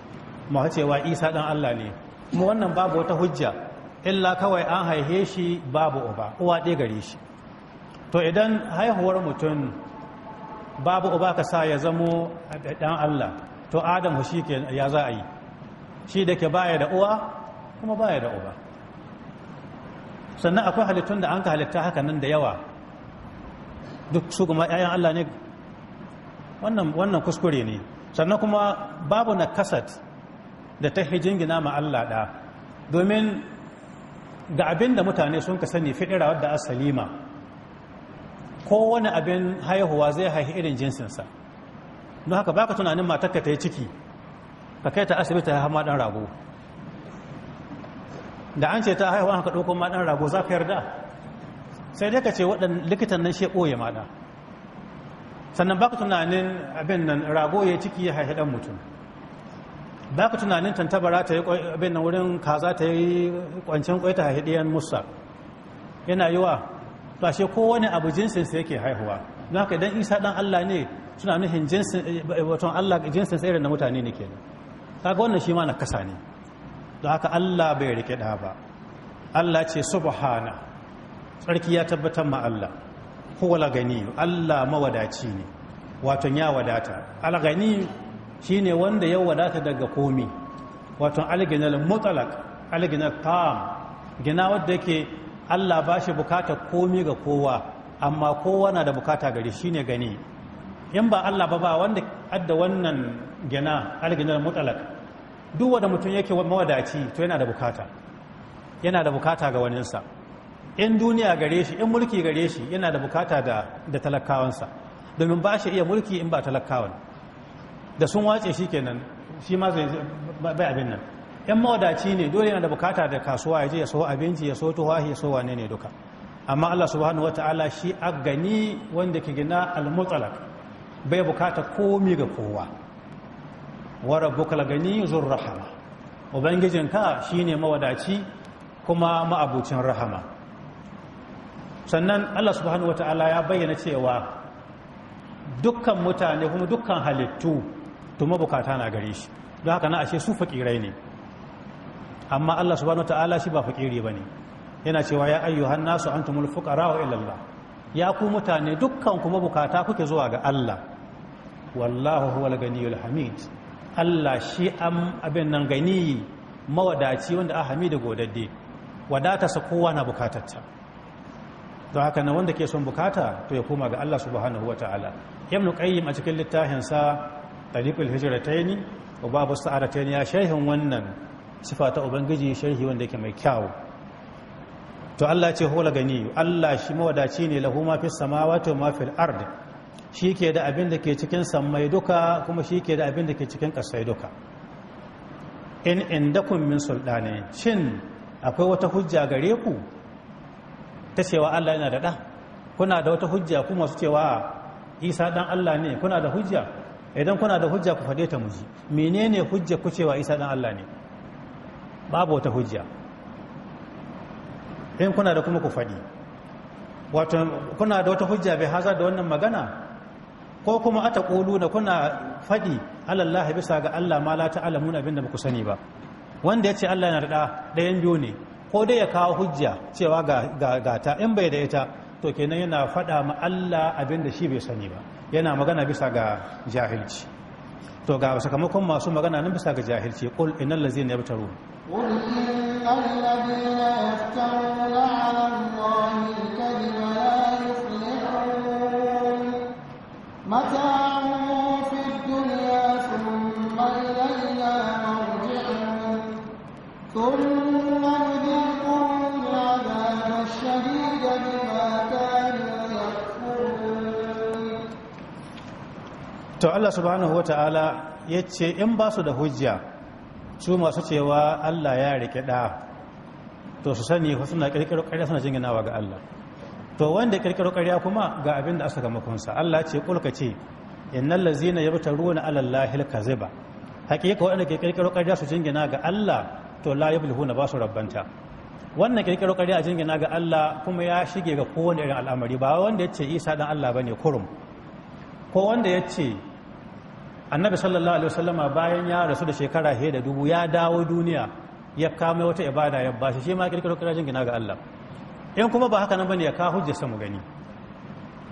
ha cewa Isa dan Allah ne kuma wannan babu wata hujja illa kawai an haihe shi babu uba uwa ɗaya gare shi to idan haihuwar mutum babu uba ka sa ya zamo ɗan Allah to adam shi ke ya za a yi shi da ke baya da uwa kuma baya da uba sannan akwai halittun da an ka halitta haka nan da yawa duk su kuma ‘ya'yan Allah ne wannan kuskure ne sannan kuma babu na kasat da ta hijin gina ma Allah ɗa domin ga abin da mutane sun ka sani fiɗira wadda asalima kowane abin haihuwa zai haihi irin jinsinsa don haka baka tunanin matakka ta yi ciki ka kai ta asibiti ya hama dan rago da an ce ta haihuwa haka ma dan rago za ka yarda sai dai ka ce waɗanda likitan nan shi ɓoye maɗa sannan baka tunanin abin nan rago ya ciki ya haihi ɗan mutum ba ka tunanin tantabara ta yi abin nan wurin kaza ta yi kwancin kwai ta haihidiyan musa yana yi wa ba shi kowane abu jinsinsa yake haihuwa don haka idan isa dan allah ne suna nuhin jinsin eh, waton allah jinsin irin na mutane ne Ta kaga wannan shi ma na kasa ne don haka allah bai rike da ba allah ce subhana tsarki ya tabbatar ma allah huwa gani allah mawadaci ne waton ya wadata al Shi ne wanda ya wadata daga komi wato alginal mutalak alginal tam gina wadda yake Allah ba shi bukata komi ga kowa amma kowa na da bukata gari ne gani in ba Allah ba ba wanda adda wannan gina alginal mutalak duk mutum yake mawadaci to yana da bukata yana da bukata ga waninsa in duniya gare shi in mulki gare shi yana da bukata da talakawansa domin ba shi iya mulki in ba talakawan da sun wace shi kenan shi ma zai bai abin nan yan mawadaci ne dole yana da bukata da kasuwa ya je ya so abinci ya so tuwahi ya wane ne duka amma Allah subhanahu ta'ala shi a gani wanda ke gina al bai bukata komi ga kowa wara bukala gani zuwa rahama ubangijinka shine mawadaci kuma ma'abucin rahama sannan Allah subhanahu ta'ala ya bayyana cewa dukkan mutane kuma dukkan halittu to mabukata na gare shi don haka na ashe su fakirai ne amma Allah subhanahu wataala shi ba fakiri ne. yana cewa ya ayyuhan nasu antumul fuqara wa illallah. ya ku mutane dukkan kuma bukata kuke zuwa ga Allah wallahu huwal ganiyul hamid Allah shi am abin nan gani mawadaci wanda a hamidu godadde wadatarsa kowa na bukatarta don haka na wanda ke son bukata to ya koma ga Allah subhanahu wa ta'ala ibn qayyim a cikin littafinsa ta yi ni, babu ni, ya sharhin wannan sifa ta ubangiji shaihi wanda yake mai kyau to Allah ce hola gani Allah shi mawadaci ne lahu mafi sama, wato mafi ardi. ard shi ke da abin da ke cikin sammai duka kuma shi ke da abin da ke cikin ƙasai duka in inda kun min sultani shin akwai wata hujja gare ku ta cewa Allah yana da ɗa kuna da wata hujja kuma su cewa Isa ɗan Allah ne kuna da hujja idan kuna da hujja ku faɗe ta muji menene hujja ku cewa isa ɗan Allah ne babu wata hujja in kuna da kuma ku faɗi wato kuna da wata hujja bai haza da wannan magana ko kuma ata ƙulu na kuna faɗi alallah bisa ga Allah ma la alamu abin da ba ku sani ba wanda ya ce Allah na da ɗayan biyu ne ko dai ya kawo hujja cewa ga ta in bai da ita to kenan yana faɗa ma Allah abinda shi bai sani ba yana magana bisa ga jahilci to ga sakamakon masu magana nan bisa ga jahilci qul innal ladzina yabtaru qul innal ladzina yaftaruna 'ala allahi al-kadhiba la yuflihun mata'un fid dunya thumma ilayna marji'un thumma to Allah subhanahu wata'ala ya ce in ba su da hujja su masu cewa Allah ya rike da to su sani suna ƙirƙiro ƙarya suna jinginawa ga Allah to wanda ƙirƙiro ƙarya kuma ga abin da aka makonsa Allah ce kulka ce innal ladzina ala alkaziba ke ƙarya su jingina ga Allah to la ba su rabbanta wannan ƙirƙiro ƙarya a jingina ga Allah kuma ya shige ga kowane irin al'amari ba wanda ya ce Isa dan Allah bane kurum ko wanda ya ce annabi sallallahu alaihi wasallama bayan ya rasu da shekara he da dubu ya dawo duniya ya kama wata ibada ya bashi shi ma kirkiro kirajin gina ga Allah in kuma ba haka nan bane ya ka hujjar sa gani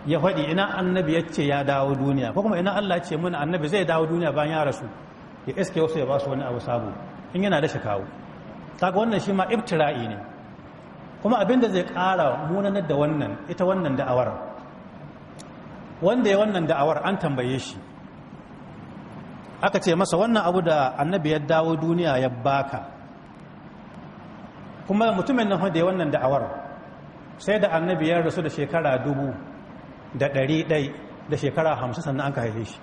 ya faɗi ina annabi ya ce ya dawo duniya ko kuma ina Allah ya ce mun annabi zai dawo duniya bayan ya rasu ya iske wasu ya ba su wani abu sabo in yana da shi kawo kaga wannan shi ma ibtira'i ne kuma abin da zai ƙara munanar da wannan ita wannan da'awar wanda ya wannan da'awar an tambaye shi aka ce masa wannan abu da annabi ya dawo duniya ya baka kuma mutumin nan da wannan da'awar sai da annabi ya rasu da shekara dubu da ɗari ɗai da shekara hamsin sannan an ka shi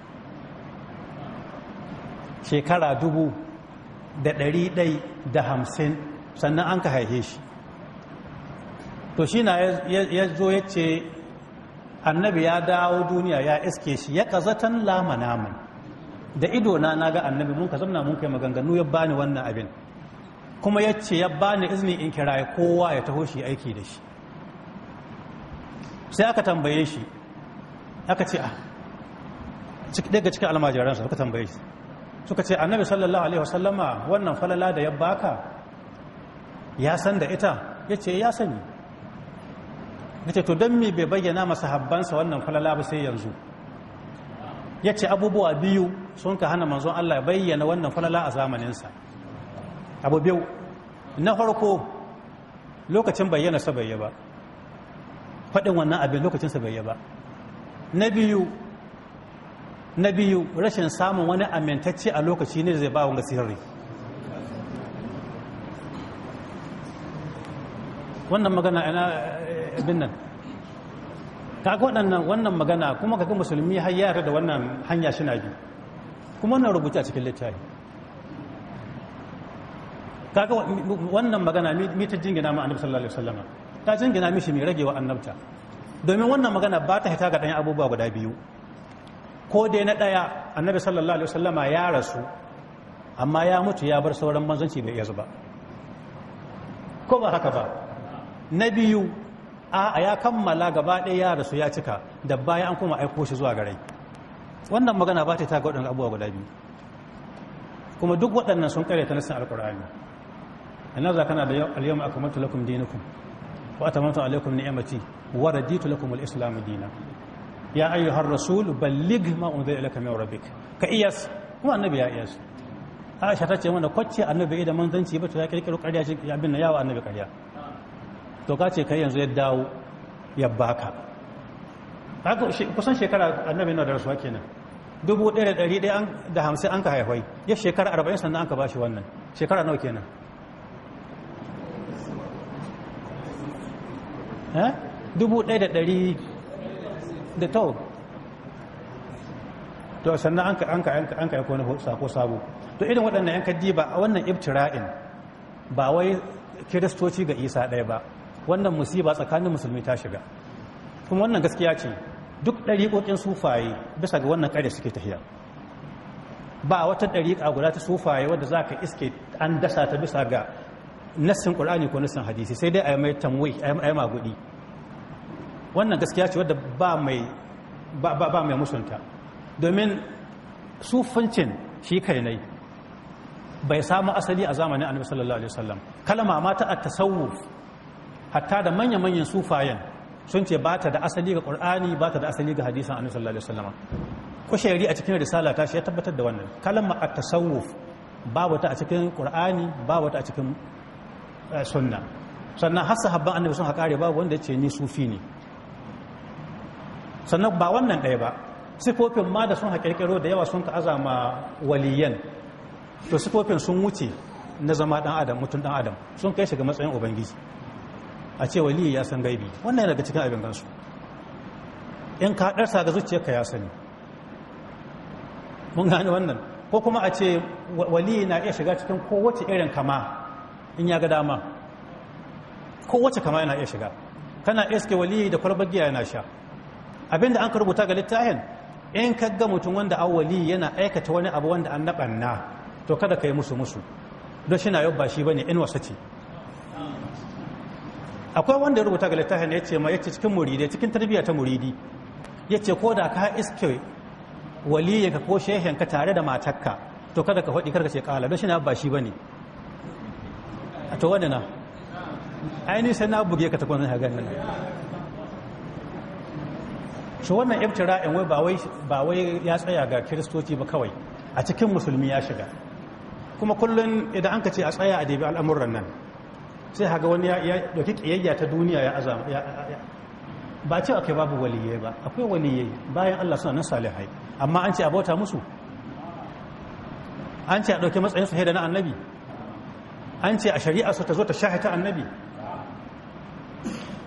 shekara dubu da ɗari ɗai da hamsin sannan an ka haife shi to shi na ya zo ya ce annabi ya dawo duniya ya iske shi ya kazatan lamanamin da ido na ga annabi mun ka zanna mun kai maganganu ya bani wannan abin kuma ya ce ya bani izini in kiraye kowa ya taho shi aiki da shi sai aka tambaye shi aka ce a ah, daga cikin almajiransa suka tambaye shi suka ce annabi sallallahu alaihi wasallama wannan falala da ya baka ya san da ita ya ce ya sani ya ce to don me bai bayyana masa habbansa wannan falala ba sai yanzu ya ce abubuwa biyu sun ka hana manzon Allah bayyana wannan falala a zamaninsa abu biyu na farko lokacin bayyana sa bayya ba faɗin wannan abin lokacin sa bayya ba na biyu na biyu rashin samun wani amintacce a lokaci ne zai ba wanga sirri wannan magana ina eh, abin nan kaga waɗannan wannan magana kuma kaga musulmi har yara da wannan hanya shi na bi kuma wannan rubuta cikin littafi kaga wannan magana mi ta jingina ma annabi sallallahu alaihi wasallam ta jingina mishi mai ragewa annabta domin wannan magana ba ta hita ga dan abubuwa guda biyu ko dai na ɗaya annabi sallallahu alaihi wasallama ya rasu amma ya mutu ya bar sauran manzanci bai iya zuba ko ba haka ba na biyu a ya kammala gaba ɗaya ya rasu ya cika da baya an kuma aiko shi zuwa garai wannan magana ba ta ga waɗannan abubuwa guda biyu kuma duk waɗannan sun ƙare ta nasin alƙur'ani na za kana da alyawma akmaltu lakum dinakum wa atamantu alaykum ni'mati wa raditu lakum al-islam ya ayyuhar rasul balligh ma unzila ilayka min rabbik ka iyas kuma annabi ya iyas aisha ta ce mana kwacce annabi idan manzanci ba ta ya kirkiro ƙarya shi abin na yawa annabi ƙarya to ka ce kai yanzu ya dawo ya baka kusan shekara annabi na da rasuwa kenan dubu ɗaya da ɗari ɗaya da hamsin an ka haifai ya shekara arba'in sannan an ka bashi wannan shekara nawa kenan eh? dubu ɗaya da ɗari da tau to sannan an ka yi ka wani sako sabo to irin waɗannan yanka kaddi ba a wannan ibtira'in ba wai kiristoci ga isa ɗaya ba wannan musiba tsakanin musulmi ta shiga kuma wannan gaskiya ce duk ɗariƙoƙin sufaye bisa ga wannan ƙarya suke tafiya ba wata ɗariƙa guda ta sufaye wadda za ka iske an dasa ta bisa ga nassin ƙul'ani ko nassin hadisi sai dai a yi mai tamwai a yi magudi wannan gaskiya ce wadda ba mai musunta domin sufancin shi kai nai bai samu asali a zamanin annabi sallallahu alaihi wasallam kalama ma ta at-tasawuf hatta da manya-manyan sufayen sun ce ba ta da asali ga ƙur'ani ba ta da asali ga hadisan annabi sallallahu alaihi wasallam ko shari'a cikin risala ta shi ya tabbatar da wannan kalan at-tasawuf babu ta a cikin ƙur'ani babu ta a cikin eh, sunna sannan har sahabban annabi sun haƙare babu wanda ya ce ni sufi ne sannan ba wannan ɗaya ba sifofin ma da sun haƙirƙiro da yawa sun ka azama waliyan to sifofin sun wuce na zama ɗan adam mutum ɗan adam sun kai shiga matsayin ubangiji a ce waliyi ya san gaibi wannan yana daga cikin abin gansu in ka ɗarsa ga zuciyarka ya sani mun gane wannan ko kuma a ce waliyi na iya shiga cikin kowace irin kama in ya ga dama kowace kama yana iya shiga kana iske waliyi da kwalbar giya yana sha abinda an ka rubuta ga littafin in ka ga mutum wanda an waliyi yana aikata wani abu wanda an naɓanna to kada ka yi musu musu don shi na yau ba shi bane in wasa ce akwai wanda ya rubuta ga littafin ya ce ma ya ce cikin muridai cikin tarbiyya ta muridi ya ce ko da ka iske ka ko ka tare da matakka to kada ka faɗi karka ce kala don shi na bashi ba ne a to wani na ainihin sai na buge ka ta kwanan ha gani shi wannan ibtira'in wai ba wai ya tsaya ga kiristoci ba kawai a cikin musulmi ya shiga kuma kullum idan an ka ce a tsaya a debi al'amuran nan sai haga wani ya dauki kiyayya ta duniya ya azama ba ce akwai babu waliyyai ba akwai waliyyai bayan Allah suna nan salihai amma an ce a bauta musu an ce a dauki matsayin su na annabi an ce a shari'a su ta zo ta shahita annabi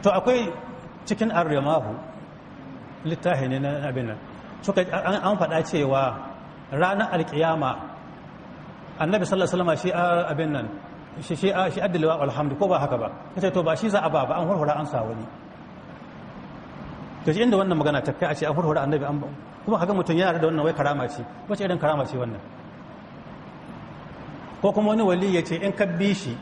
to akwai cikin arremahu littafi ne na abin nan an faɗa cewa ranar alkiyama annabi sallallahu alaihi wasallam shi abin nan shi shi addalewa alhamdu ko ba haka ba kace to ba shi za a ba ba an hurhura an sa wani to shi inda wannan magana ta kai a ce an hurhura annabi an ba kuma kaga mutum yana da wannan wai karama ce wace irin karama ce wannan ko kuma wani wali ya ce in ka bi shi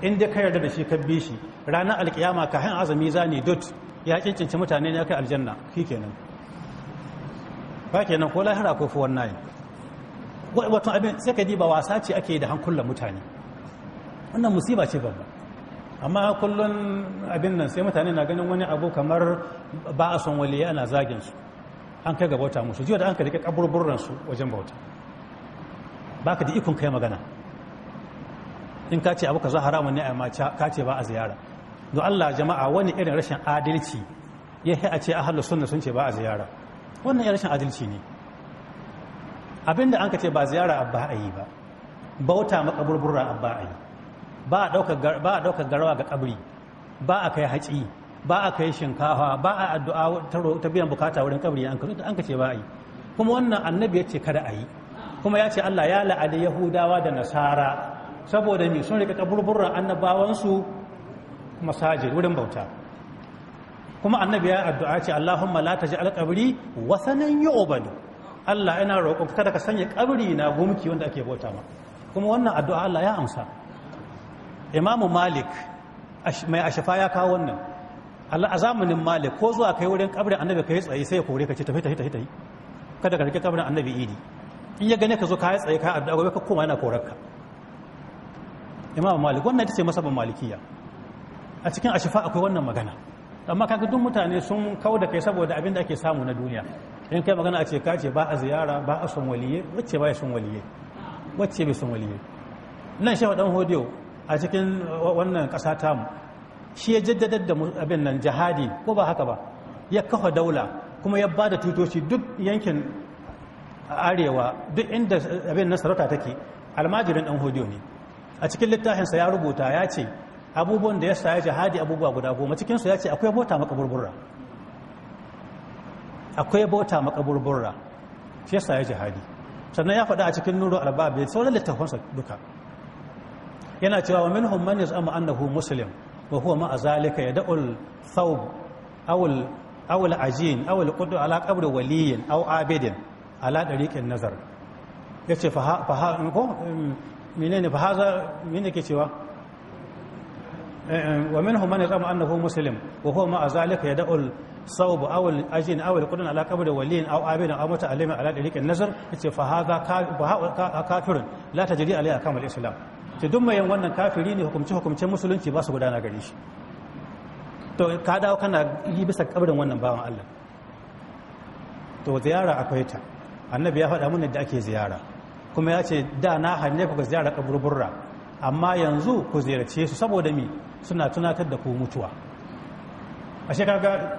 in dai ka yarda da shi ka bi shi ranar alkiyama ka hin azumi zani dot ya cincinci mutane ne kai aljanna shikenan ba kenan ko lahira ko fuwan nayi wato abin sai ka diba wasa ce ake da hankulan mutane wannan musiba ce babba amma kullum abin nan sai mutane na ganin wani abu kamar ba a son waliya ana zagin su an kai ga bauta musu jiya da an ka rike kaburburan su wajen bauta ba ka da ikon kai magana in ka ce abu ka za haramun ne amma ka ce ba a ziyara don Allah jama'a wani irin rashin adalci ya a ce ahalu sunna sun ce ba a ziyara wannan irin rashin adalci ne abinda an ka ce ba ziyara abba a yi ba bauta makaburbura abba a yi ba a ɗaukar garawa ga kabri ba a kai hatsi ba a kai shinkafa ba a addu'a ta biyan bukata wurin kabri an kace ba a yi kuma wannan annabi ya ce kada a yi kuma yace ce Allah ya la'ali yahudawa da nasara saboda me sun rika kaburburan annabawansu masajid wurin bauta kuma annabi ya addu'a ce Allahumma la taj'al qabri sanan yu'badu Allah ina roƙon kada ka sanya kabri na gumki wanda ake bauta ma kuma wannan addu'a Allah ya amsa imamu malik mai ashafa ya kawo wannan a zamanin malik ko zuwa kai wurin kabirin annabi ka yi tsaye sai ya kore ka ce tafi tafi tafi kada ka rike kabirin annabi idi in ya gane ka zo ka yi tsaye ka addu'a gobe ka koma yana korar ka imamu malik wannan ita ce ban malikiya a cikin ashafa akwai wannan magana amma kaga duk mutane sun kawo da kai saboda abin da ake samu na duniya in kai magana a ce ka ce ba a ziyara ba a son waliye wacce ba ya son waliye wacce bai son waliye nan shehu dan hodiyo a cikin uh, wannan ƙasa tamu shi ya jaddadar da abin nan jihadi ko ba haka ba ya kafa daula kuma ya ba da tutoci duk yankin arewa duk inda uh, abin nan sarauta take almajirin ɗan hodiyo ne a cikin littafinsa ya rubuta ya ce abubuwan da ya saya jihadi abubuwa guda goma cikinsu ya ce akwai bota makaburburra akwai bota makaburburra shi ya saya jihadi sannan ya faɗa a cikin nuru albabi sauran littafinsa duka yana cewa wa minhum man yaz'amu annahu muslim wa huwa ma azalika yad'ul thawb aw al aw al ajin aw al qudu ala qabri waliyin aw abidin ala dariqin nazar yace fa fa ko menene fa haza menene ke cewa eh, eh, wa minhum man yaz'amu annahu muslim wa huwa ma azalika yad'ul ثوب او الاجن او القرن على قبر ولي او عابد او متعلم على طريق النظر يتي فهذا كافر لا تجري عليه احكام islam. ce duk mai yin wannan kafiri ne hukumce hukumce musulunci ba su gudana gare shi to ka dawo kana yi bisa kabrin wannan bawan Allah to ziyara akwai ta annabi ya faɗa mana da ake ziyara kuma ya ce da na hanyar ku ziyara kaburburra amma yanzu ku ziyarce su saboda mi suna tunatar da ku mutuwa a shekaga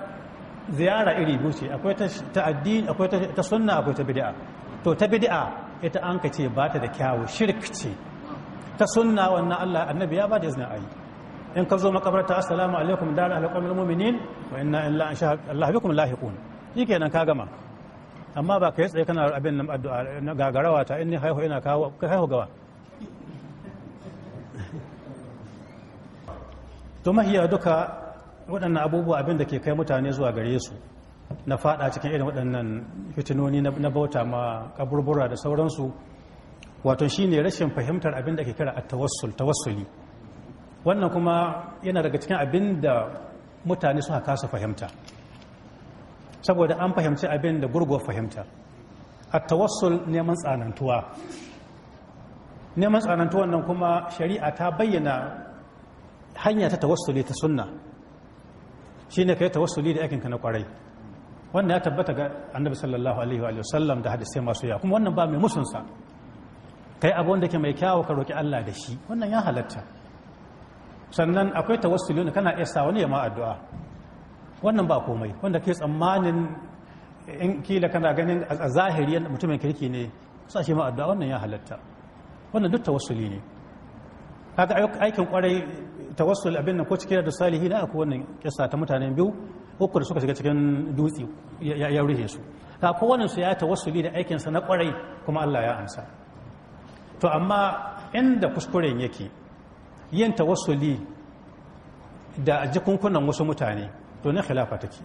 ziyara iri buce akwai ta addini akwai ta sunna akwai ta bid'a to ta bid'a ita an ka ce ba ta da kyawu shirk ce ta sunna wannan Allah annabi ya ba da izinin ayi in ka zo makabarta assalamu alaikum dar alqamil mu'minin wa inna illa an sha Allah bikum lahiqun shikenan ka gama amma ba kai tsaye kana abin nan addu'a na gagarawa ta inni haihu ina kawo haihu gawa to mahiya duka waɗannan abubuwa abin da ke kai mutane zuwa gare su na fada cikin irin waɗannan fitinoni na bauta ma kaburbura da sauransu wato ne rashin fahimtar abin da ke kira a tawassul tawassuli wannan kuma yana daga cikin abin da mutane suka kasa fahimta saboda an fahimci abin da gurguwar fahimta a tawassul neman tsanantuwa neman tsanantuwan nan kuma shari'a ta bayyana hanya ta tawassuli ta sunna shi shine kai tawassuli da aikinka na kwarai wannan ya tabbata ga annabi sallallahu alaihi wa sallam da hadisai masu ya kuma wannan ba mai musunsa kai abu wanda ke mai kyawo ka roƙi Allah da shi wannan ya halatta sannan akwai tawassulun kana iya sa wani ya ma addu'a wannan ba komai wanda ke tsammanin in kila kana ganin a zahiri mutumin kirki ne sa shi ma addu'a wannan ya halatta wannan duk tawassuli ne kaga aikin kwarai tawassul abin nan ko cikin da salihi na akwai wannan kissa ta mutanen biyu uku da suka shiga cikin dutse ya rufe su ka kowane su ya tawassuli da aikinsa na kwarai kuma Allah ya amsa to amma inda kuskuren yake yin tawassuli da jikunkunan wasu mutane to ne khilafa take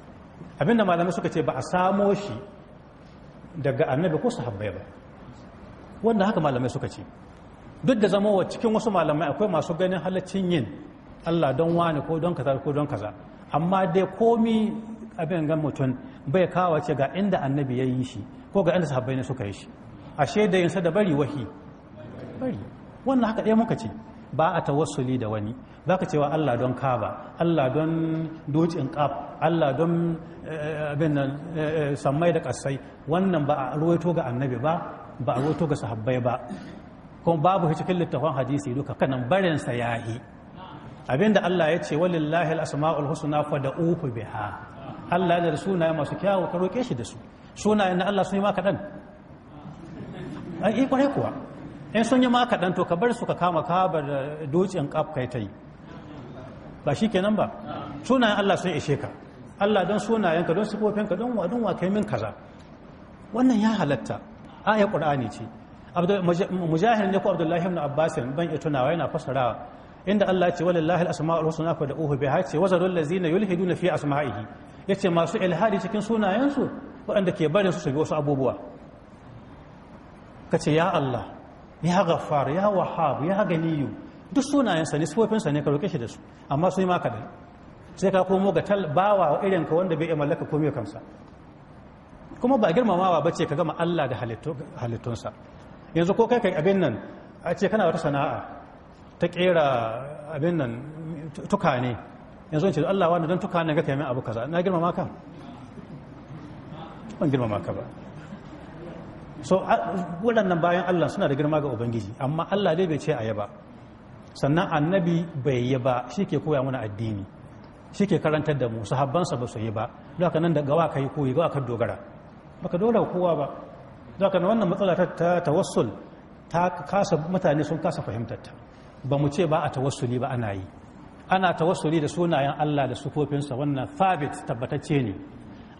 abinda malamai suka ce ba a samo shi daga annabi ko sahabbai ba wanda haka malamai suka ce duk da zamowa cikin wasu malamai akwai masu ganin halaccin yin Allah don wani ko don kaza ko don kaza amma dai komi abin gan mutum bai kawo ga inda annabi ya yi shi ko ga inda sahabbai ne suka yi shi ashe da yinsa da bari wahi wannan haka ɗaya muka ce ba a tawassuli da wani za ka cewa Allah don kaba Allah don dokin kaf Allah don eh, eh, abin nan eh, sammai da kasai wannan ba a ruwaito ga annabi ba ba a ruwaito ga sahabbai ba kuma babu cikin littafin hadisi duka kanan barinsa yahi abinda Allah ya ce walillahi al-asma'ul husna fad'uhu biha Allah da sunaye masu kyawu ka roke shi da su sunayen na Allah sun yi maka kaɗan ai kwarai kuwa Yan sun yi ma kaɗan to ka bar su ka kama kaba da eh, dutsen kaf kai ta yi ba shi kenan ba sunayen Allah sun ishe ka Allah don sunayen ka don ka don wa kai min kaza wannan ya halatta aya qur'ani ce mujahid ne ku abdullahi ibn abbas ban ya tunawa yana fasarawa inda Allah ya ce walillahi al-asma'ul husna bai biha ce wazarul ladzina yulhiduna fi asma'ihi yace masu ilhadi cikin sunayensu waɗanda ke barin su su bi wasu abubuwa kace ya Allah ya ghaffar ya wahab ya ganiyu duk sunayensa ne sufofinsa ne ka roƙe shi da su amma su yi maka da sai ka komo ga bawa irin ka wanda bai yi mallaka komai kansa kuma ba girmamawa ba ce ka gama Allah da halittunsa yanzu ko kai kai abin nan a ce kana wata sana'a ta kera abin nan tukane yanzu in ce Allah wani don tukane ga kaimin abu kaza na girmama ka ban girmama ka ba so waɗannan bayan Allah suna da girma ga ubangiji amma Allah dai bai ce a yaba sannan annabi bai yaba shi ke koya mana addini shi ke karantar da mu habbansa ba su yi ba don haka nan da gawa ka yi koyi gawa ka dogara ka dora kowa ba don haka wannan matsala ta tawassul ta kasa mutane sun kasa fahimtar ta ba mu ce ba a tawassuli ba ana yi ana tawassuli da sunayen Allah da sukofinsa wannan fabit tabbatacce ne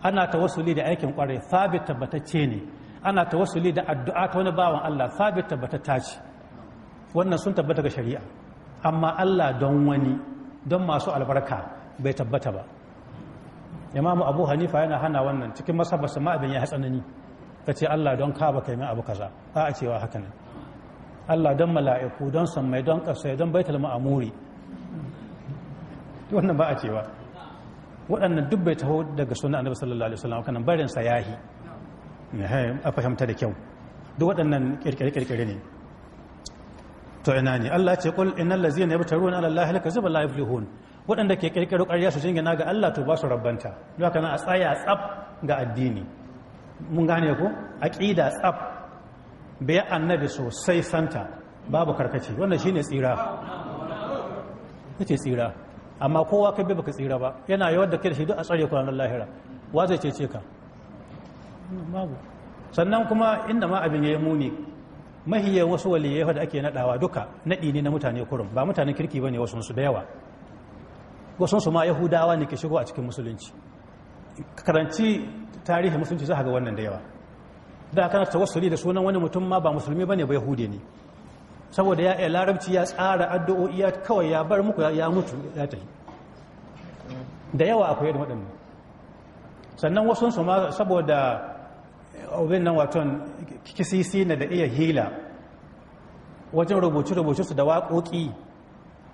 ana tawassuli da aikin kwarai thabit tabbatacce ne ana tawassuli da addu'a ta wani bawan Allah sabit tabbata ce wannan sun tabbata ga shari'a amma Allah don wani don masu albarka bai tabbata ba imamu abu hanifa yana hana wannan cikin masabar sama abin ya hatsanani ka ce Allah don ka ba min abu kaza ba a cewa haka nan Allah don mala'iku don sammai don ƙasai don baitul ma'amuri wannan ba a cewa waɗannan duk bai taho daga sunan annabi sallallahu alaihi wasallam kana barin sa yahi Eh, a fahimta da kyau duk waɗannan ƙirƙire-ƙirƙire ne to ina ne Allah ce kul innal ladzina yabtaruna ala allahi al-kadhiba la yuflihun waɗanda ke ƙirƙiro ƙarya su jingina ga Allah to ba su rabbanta don haka a tsaya tsab ga addini mun gane ko aqida tsab bai annabi sosai santa babu karkace wannan ne tsira kace tsira amma kowa ka bi baka tsira ba yana yawar da kai da shi duk a tsare ku ranar lahira wa zai cece ka babu sannan kuma inda ma abin ya yi muni mahiyar wasu waliyai da ake naɗawa duka naɗi ne na mutane kurum ba mutanen kirki ba ne wasunsu da yawa wasunsu ma yahudawa ne ke shigo a cikin musulunci karanci tarihin musulunci za ga wannan da yawa da kana tawassuli da sunan wani mutum ma ba musulmi ba ne ba yahudi ne saboda ya larabci ya tsara addu'o'i ya kawai ya bar muku ya mutu ya tafi da yawa akwai da waɗannan sannan wasu sun ma saboda obin nan waton kisisi na da iya hila wajen rubuce-rubuce su da waƙoƙi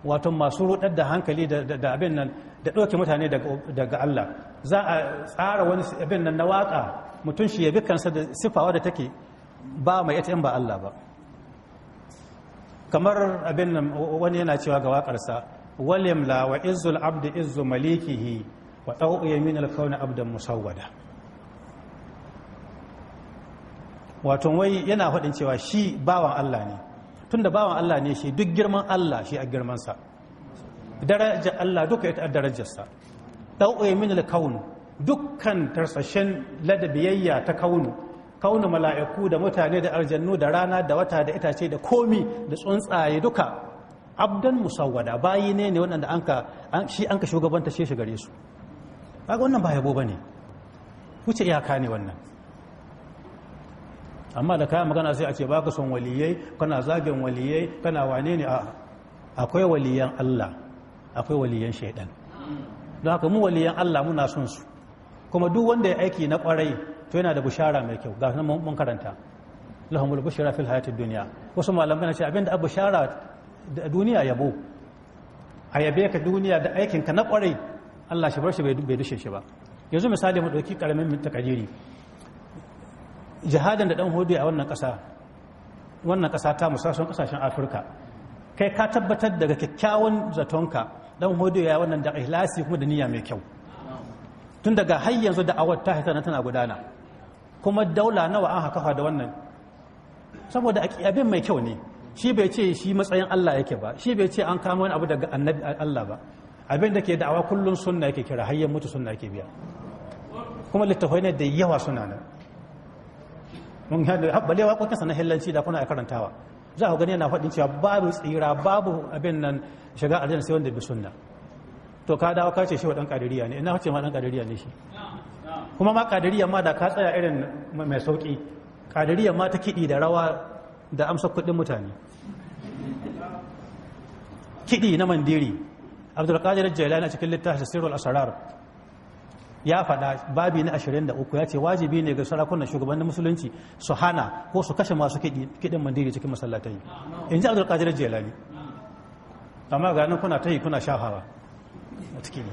waton masu rudar da hankali da abin nan da ɗauke mutane daga Allah za a tsara wani abin nan na waƙa mutum shi yabi kansa da sifawa da take ba mai ita in ba Allah ba kamar abin nan wani yana cewa ga waƙarsa walimla wa izul abdi izu malikihi wa ɗau'u yamin alkauna musawwada wato wai yana faɗin cewa shi bawan Allah ne Tun da bawan Allah ne shi duk girman Allah shi a girmansa darajar Allah duka ita a darajarsa ɗau'o'i min kaunu dukkan tarsashen ladabiyayya ta kaunu kaunu mala'iku da mutane da aljannu da rana da wata da itace da komi da tsuntsaye duka abdan musawwada bayi ne ne waɗanda an shi an ka shugabanta shi gare su kaga wannan ba yabo bane wuce iyaka ne wannan amma da kayan magana sai a ce baka son waliyai kana zagin waliyai kana wane ne akwai waliyan Allah akwai waliyan shaidan don haka mu waliyan Allah muna son su kuma duk wanda ya aiki na kwarai to yana da bushara mai kyau ga nan mun karanta lahumul bushra fil Hayati dunya wasu malamai na ce abinda abu bushara da duniya yabo a yabe ka duniya da aikin ka na kwarai Allah shi bar shi bai dushe shi ba yanzu misali mu dauki karamin takariri jihadin da dan hudu a wannan ƙasa wannan ƙasa ta musassun ƙasashen afirka kai ka tabbatar daga kyakkyawan zatonka dan hudu ya wannan da ihlasi kuma da niyya mai kyau tun daga har yanzu da awar ta haita tana gudana kuma daula nawa an haka da wannan saboda abin mai kyau ne shi bai ce shi matsayin Allah yake ba shi bai ce an kama wani abu daga annabi Allah ba abin da ke da'awa kullum sunna yake kira har mutu sunna yake biya kuma littafai ne da yawa suna nan mun hada balewa ko kansa na hillanci da kuna karantawa za ku gani yana faɗin cewa babu tsira babu abin nan shiga aljanna sai wanda bi sunna to ka dawo ka ce shi wa dan kadiriya ne ina ce ma dan kadiriya ne shi kuma ma kadiriya ma da ka tsaya irin mai sauki kadiriya ma ta kiɗi da rawa da amsa kuɗin mutane kiɗi na mandiri abdulkadir jailani a cikin littafin sirrul asrar ya faɗa babi na 23 ya ce wajibi ne ga sarakunan shugabannin musulunci su hana ko su kashe masu kiɗin mandiri cikin masallatai in ji abdul qadir jilani amma ga nan kuna tayi kuna shafawa a ciki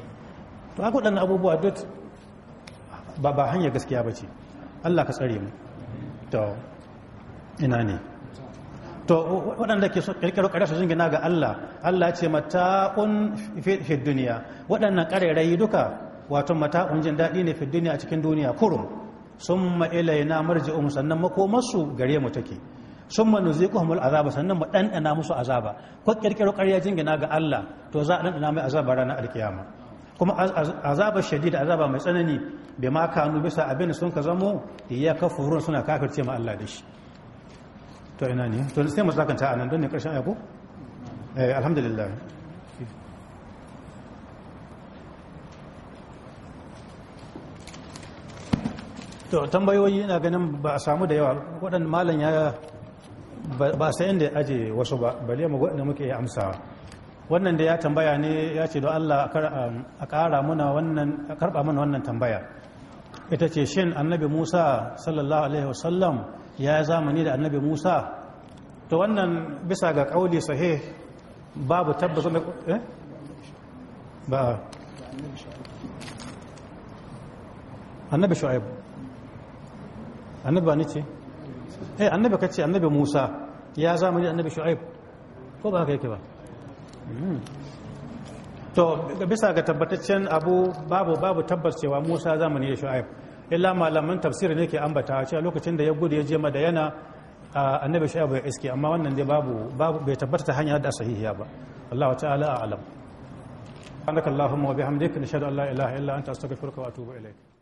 to haka waɗannan abubuwa duk ba ba hanyar gaskiya ba ce allah ka tsare mu to ina ne to waɗanda ke kirkiro ƙarar su jingina ga allah allah ce mata'un fi duniya waɗannan ƙarairayi duka wato mata jin daɗi ne fi duniya a cikin duniya kurum sun ma'ila na marji'un sannan makomarsu gare mu take sun ma nuziquhumul azaba sannan mu ɗanɗana musu azaba ko ƙirƙiro ƙarya jingina ga Allah to za a ɗanɗana mai azaba ranar alkiyama kuma azaba da azaba mai tsanani bai ma kanu bisa abin sun ka zamo ya kafurun suna kafirce ma Allah da shi to ina ne to sai mu sakanta nan don ne ƙarshen ayako eh, alhamdulillah to tambayoyi ina ganin ba a samu da yawa waɗanda malam ya ba sai inda ya aje wasu ba bale mu waɗanda muke amsawa wannan da ya tambaya ne ya ce don Allah um, a ƙara muna wannan a karɓa mana wannan tambaya ita ce shin annabi Musa sallallahu alaihi wasallam ya yi zamani da annabi Musa to wannan bisa ga ƙauli sahih babu tabbas eh ba annabi shu'aib annabi ba ni ce eh annabi kace annabi Musa ya zamani annabi Shu'aib ko ba haka yake ba hmm. to bisa ga tabbataccen abu babu babu tabbas cewa Musa zamani ya Shu'aib illa malaman tafsiri ne ke ambata cewa lokacin da ya gudu ya je Madayana annabi Shu'aib ya iske amma wannan dai babu babu bai tabbata ta hanya da sahihiya ba Allah ta'ala a'lam سبحانك اللهم وبحمدك نشهد ان لا اله الا انت استغفرك واتوب اليك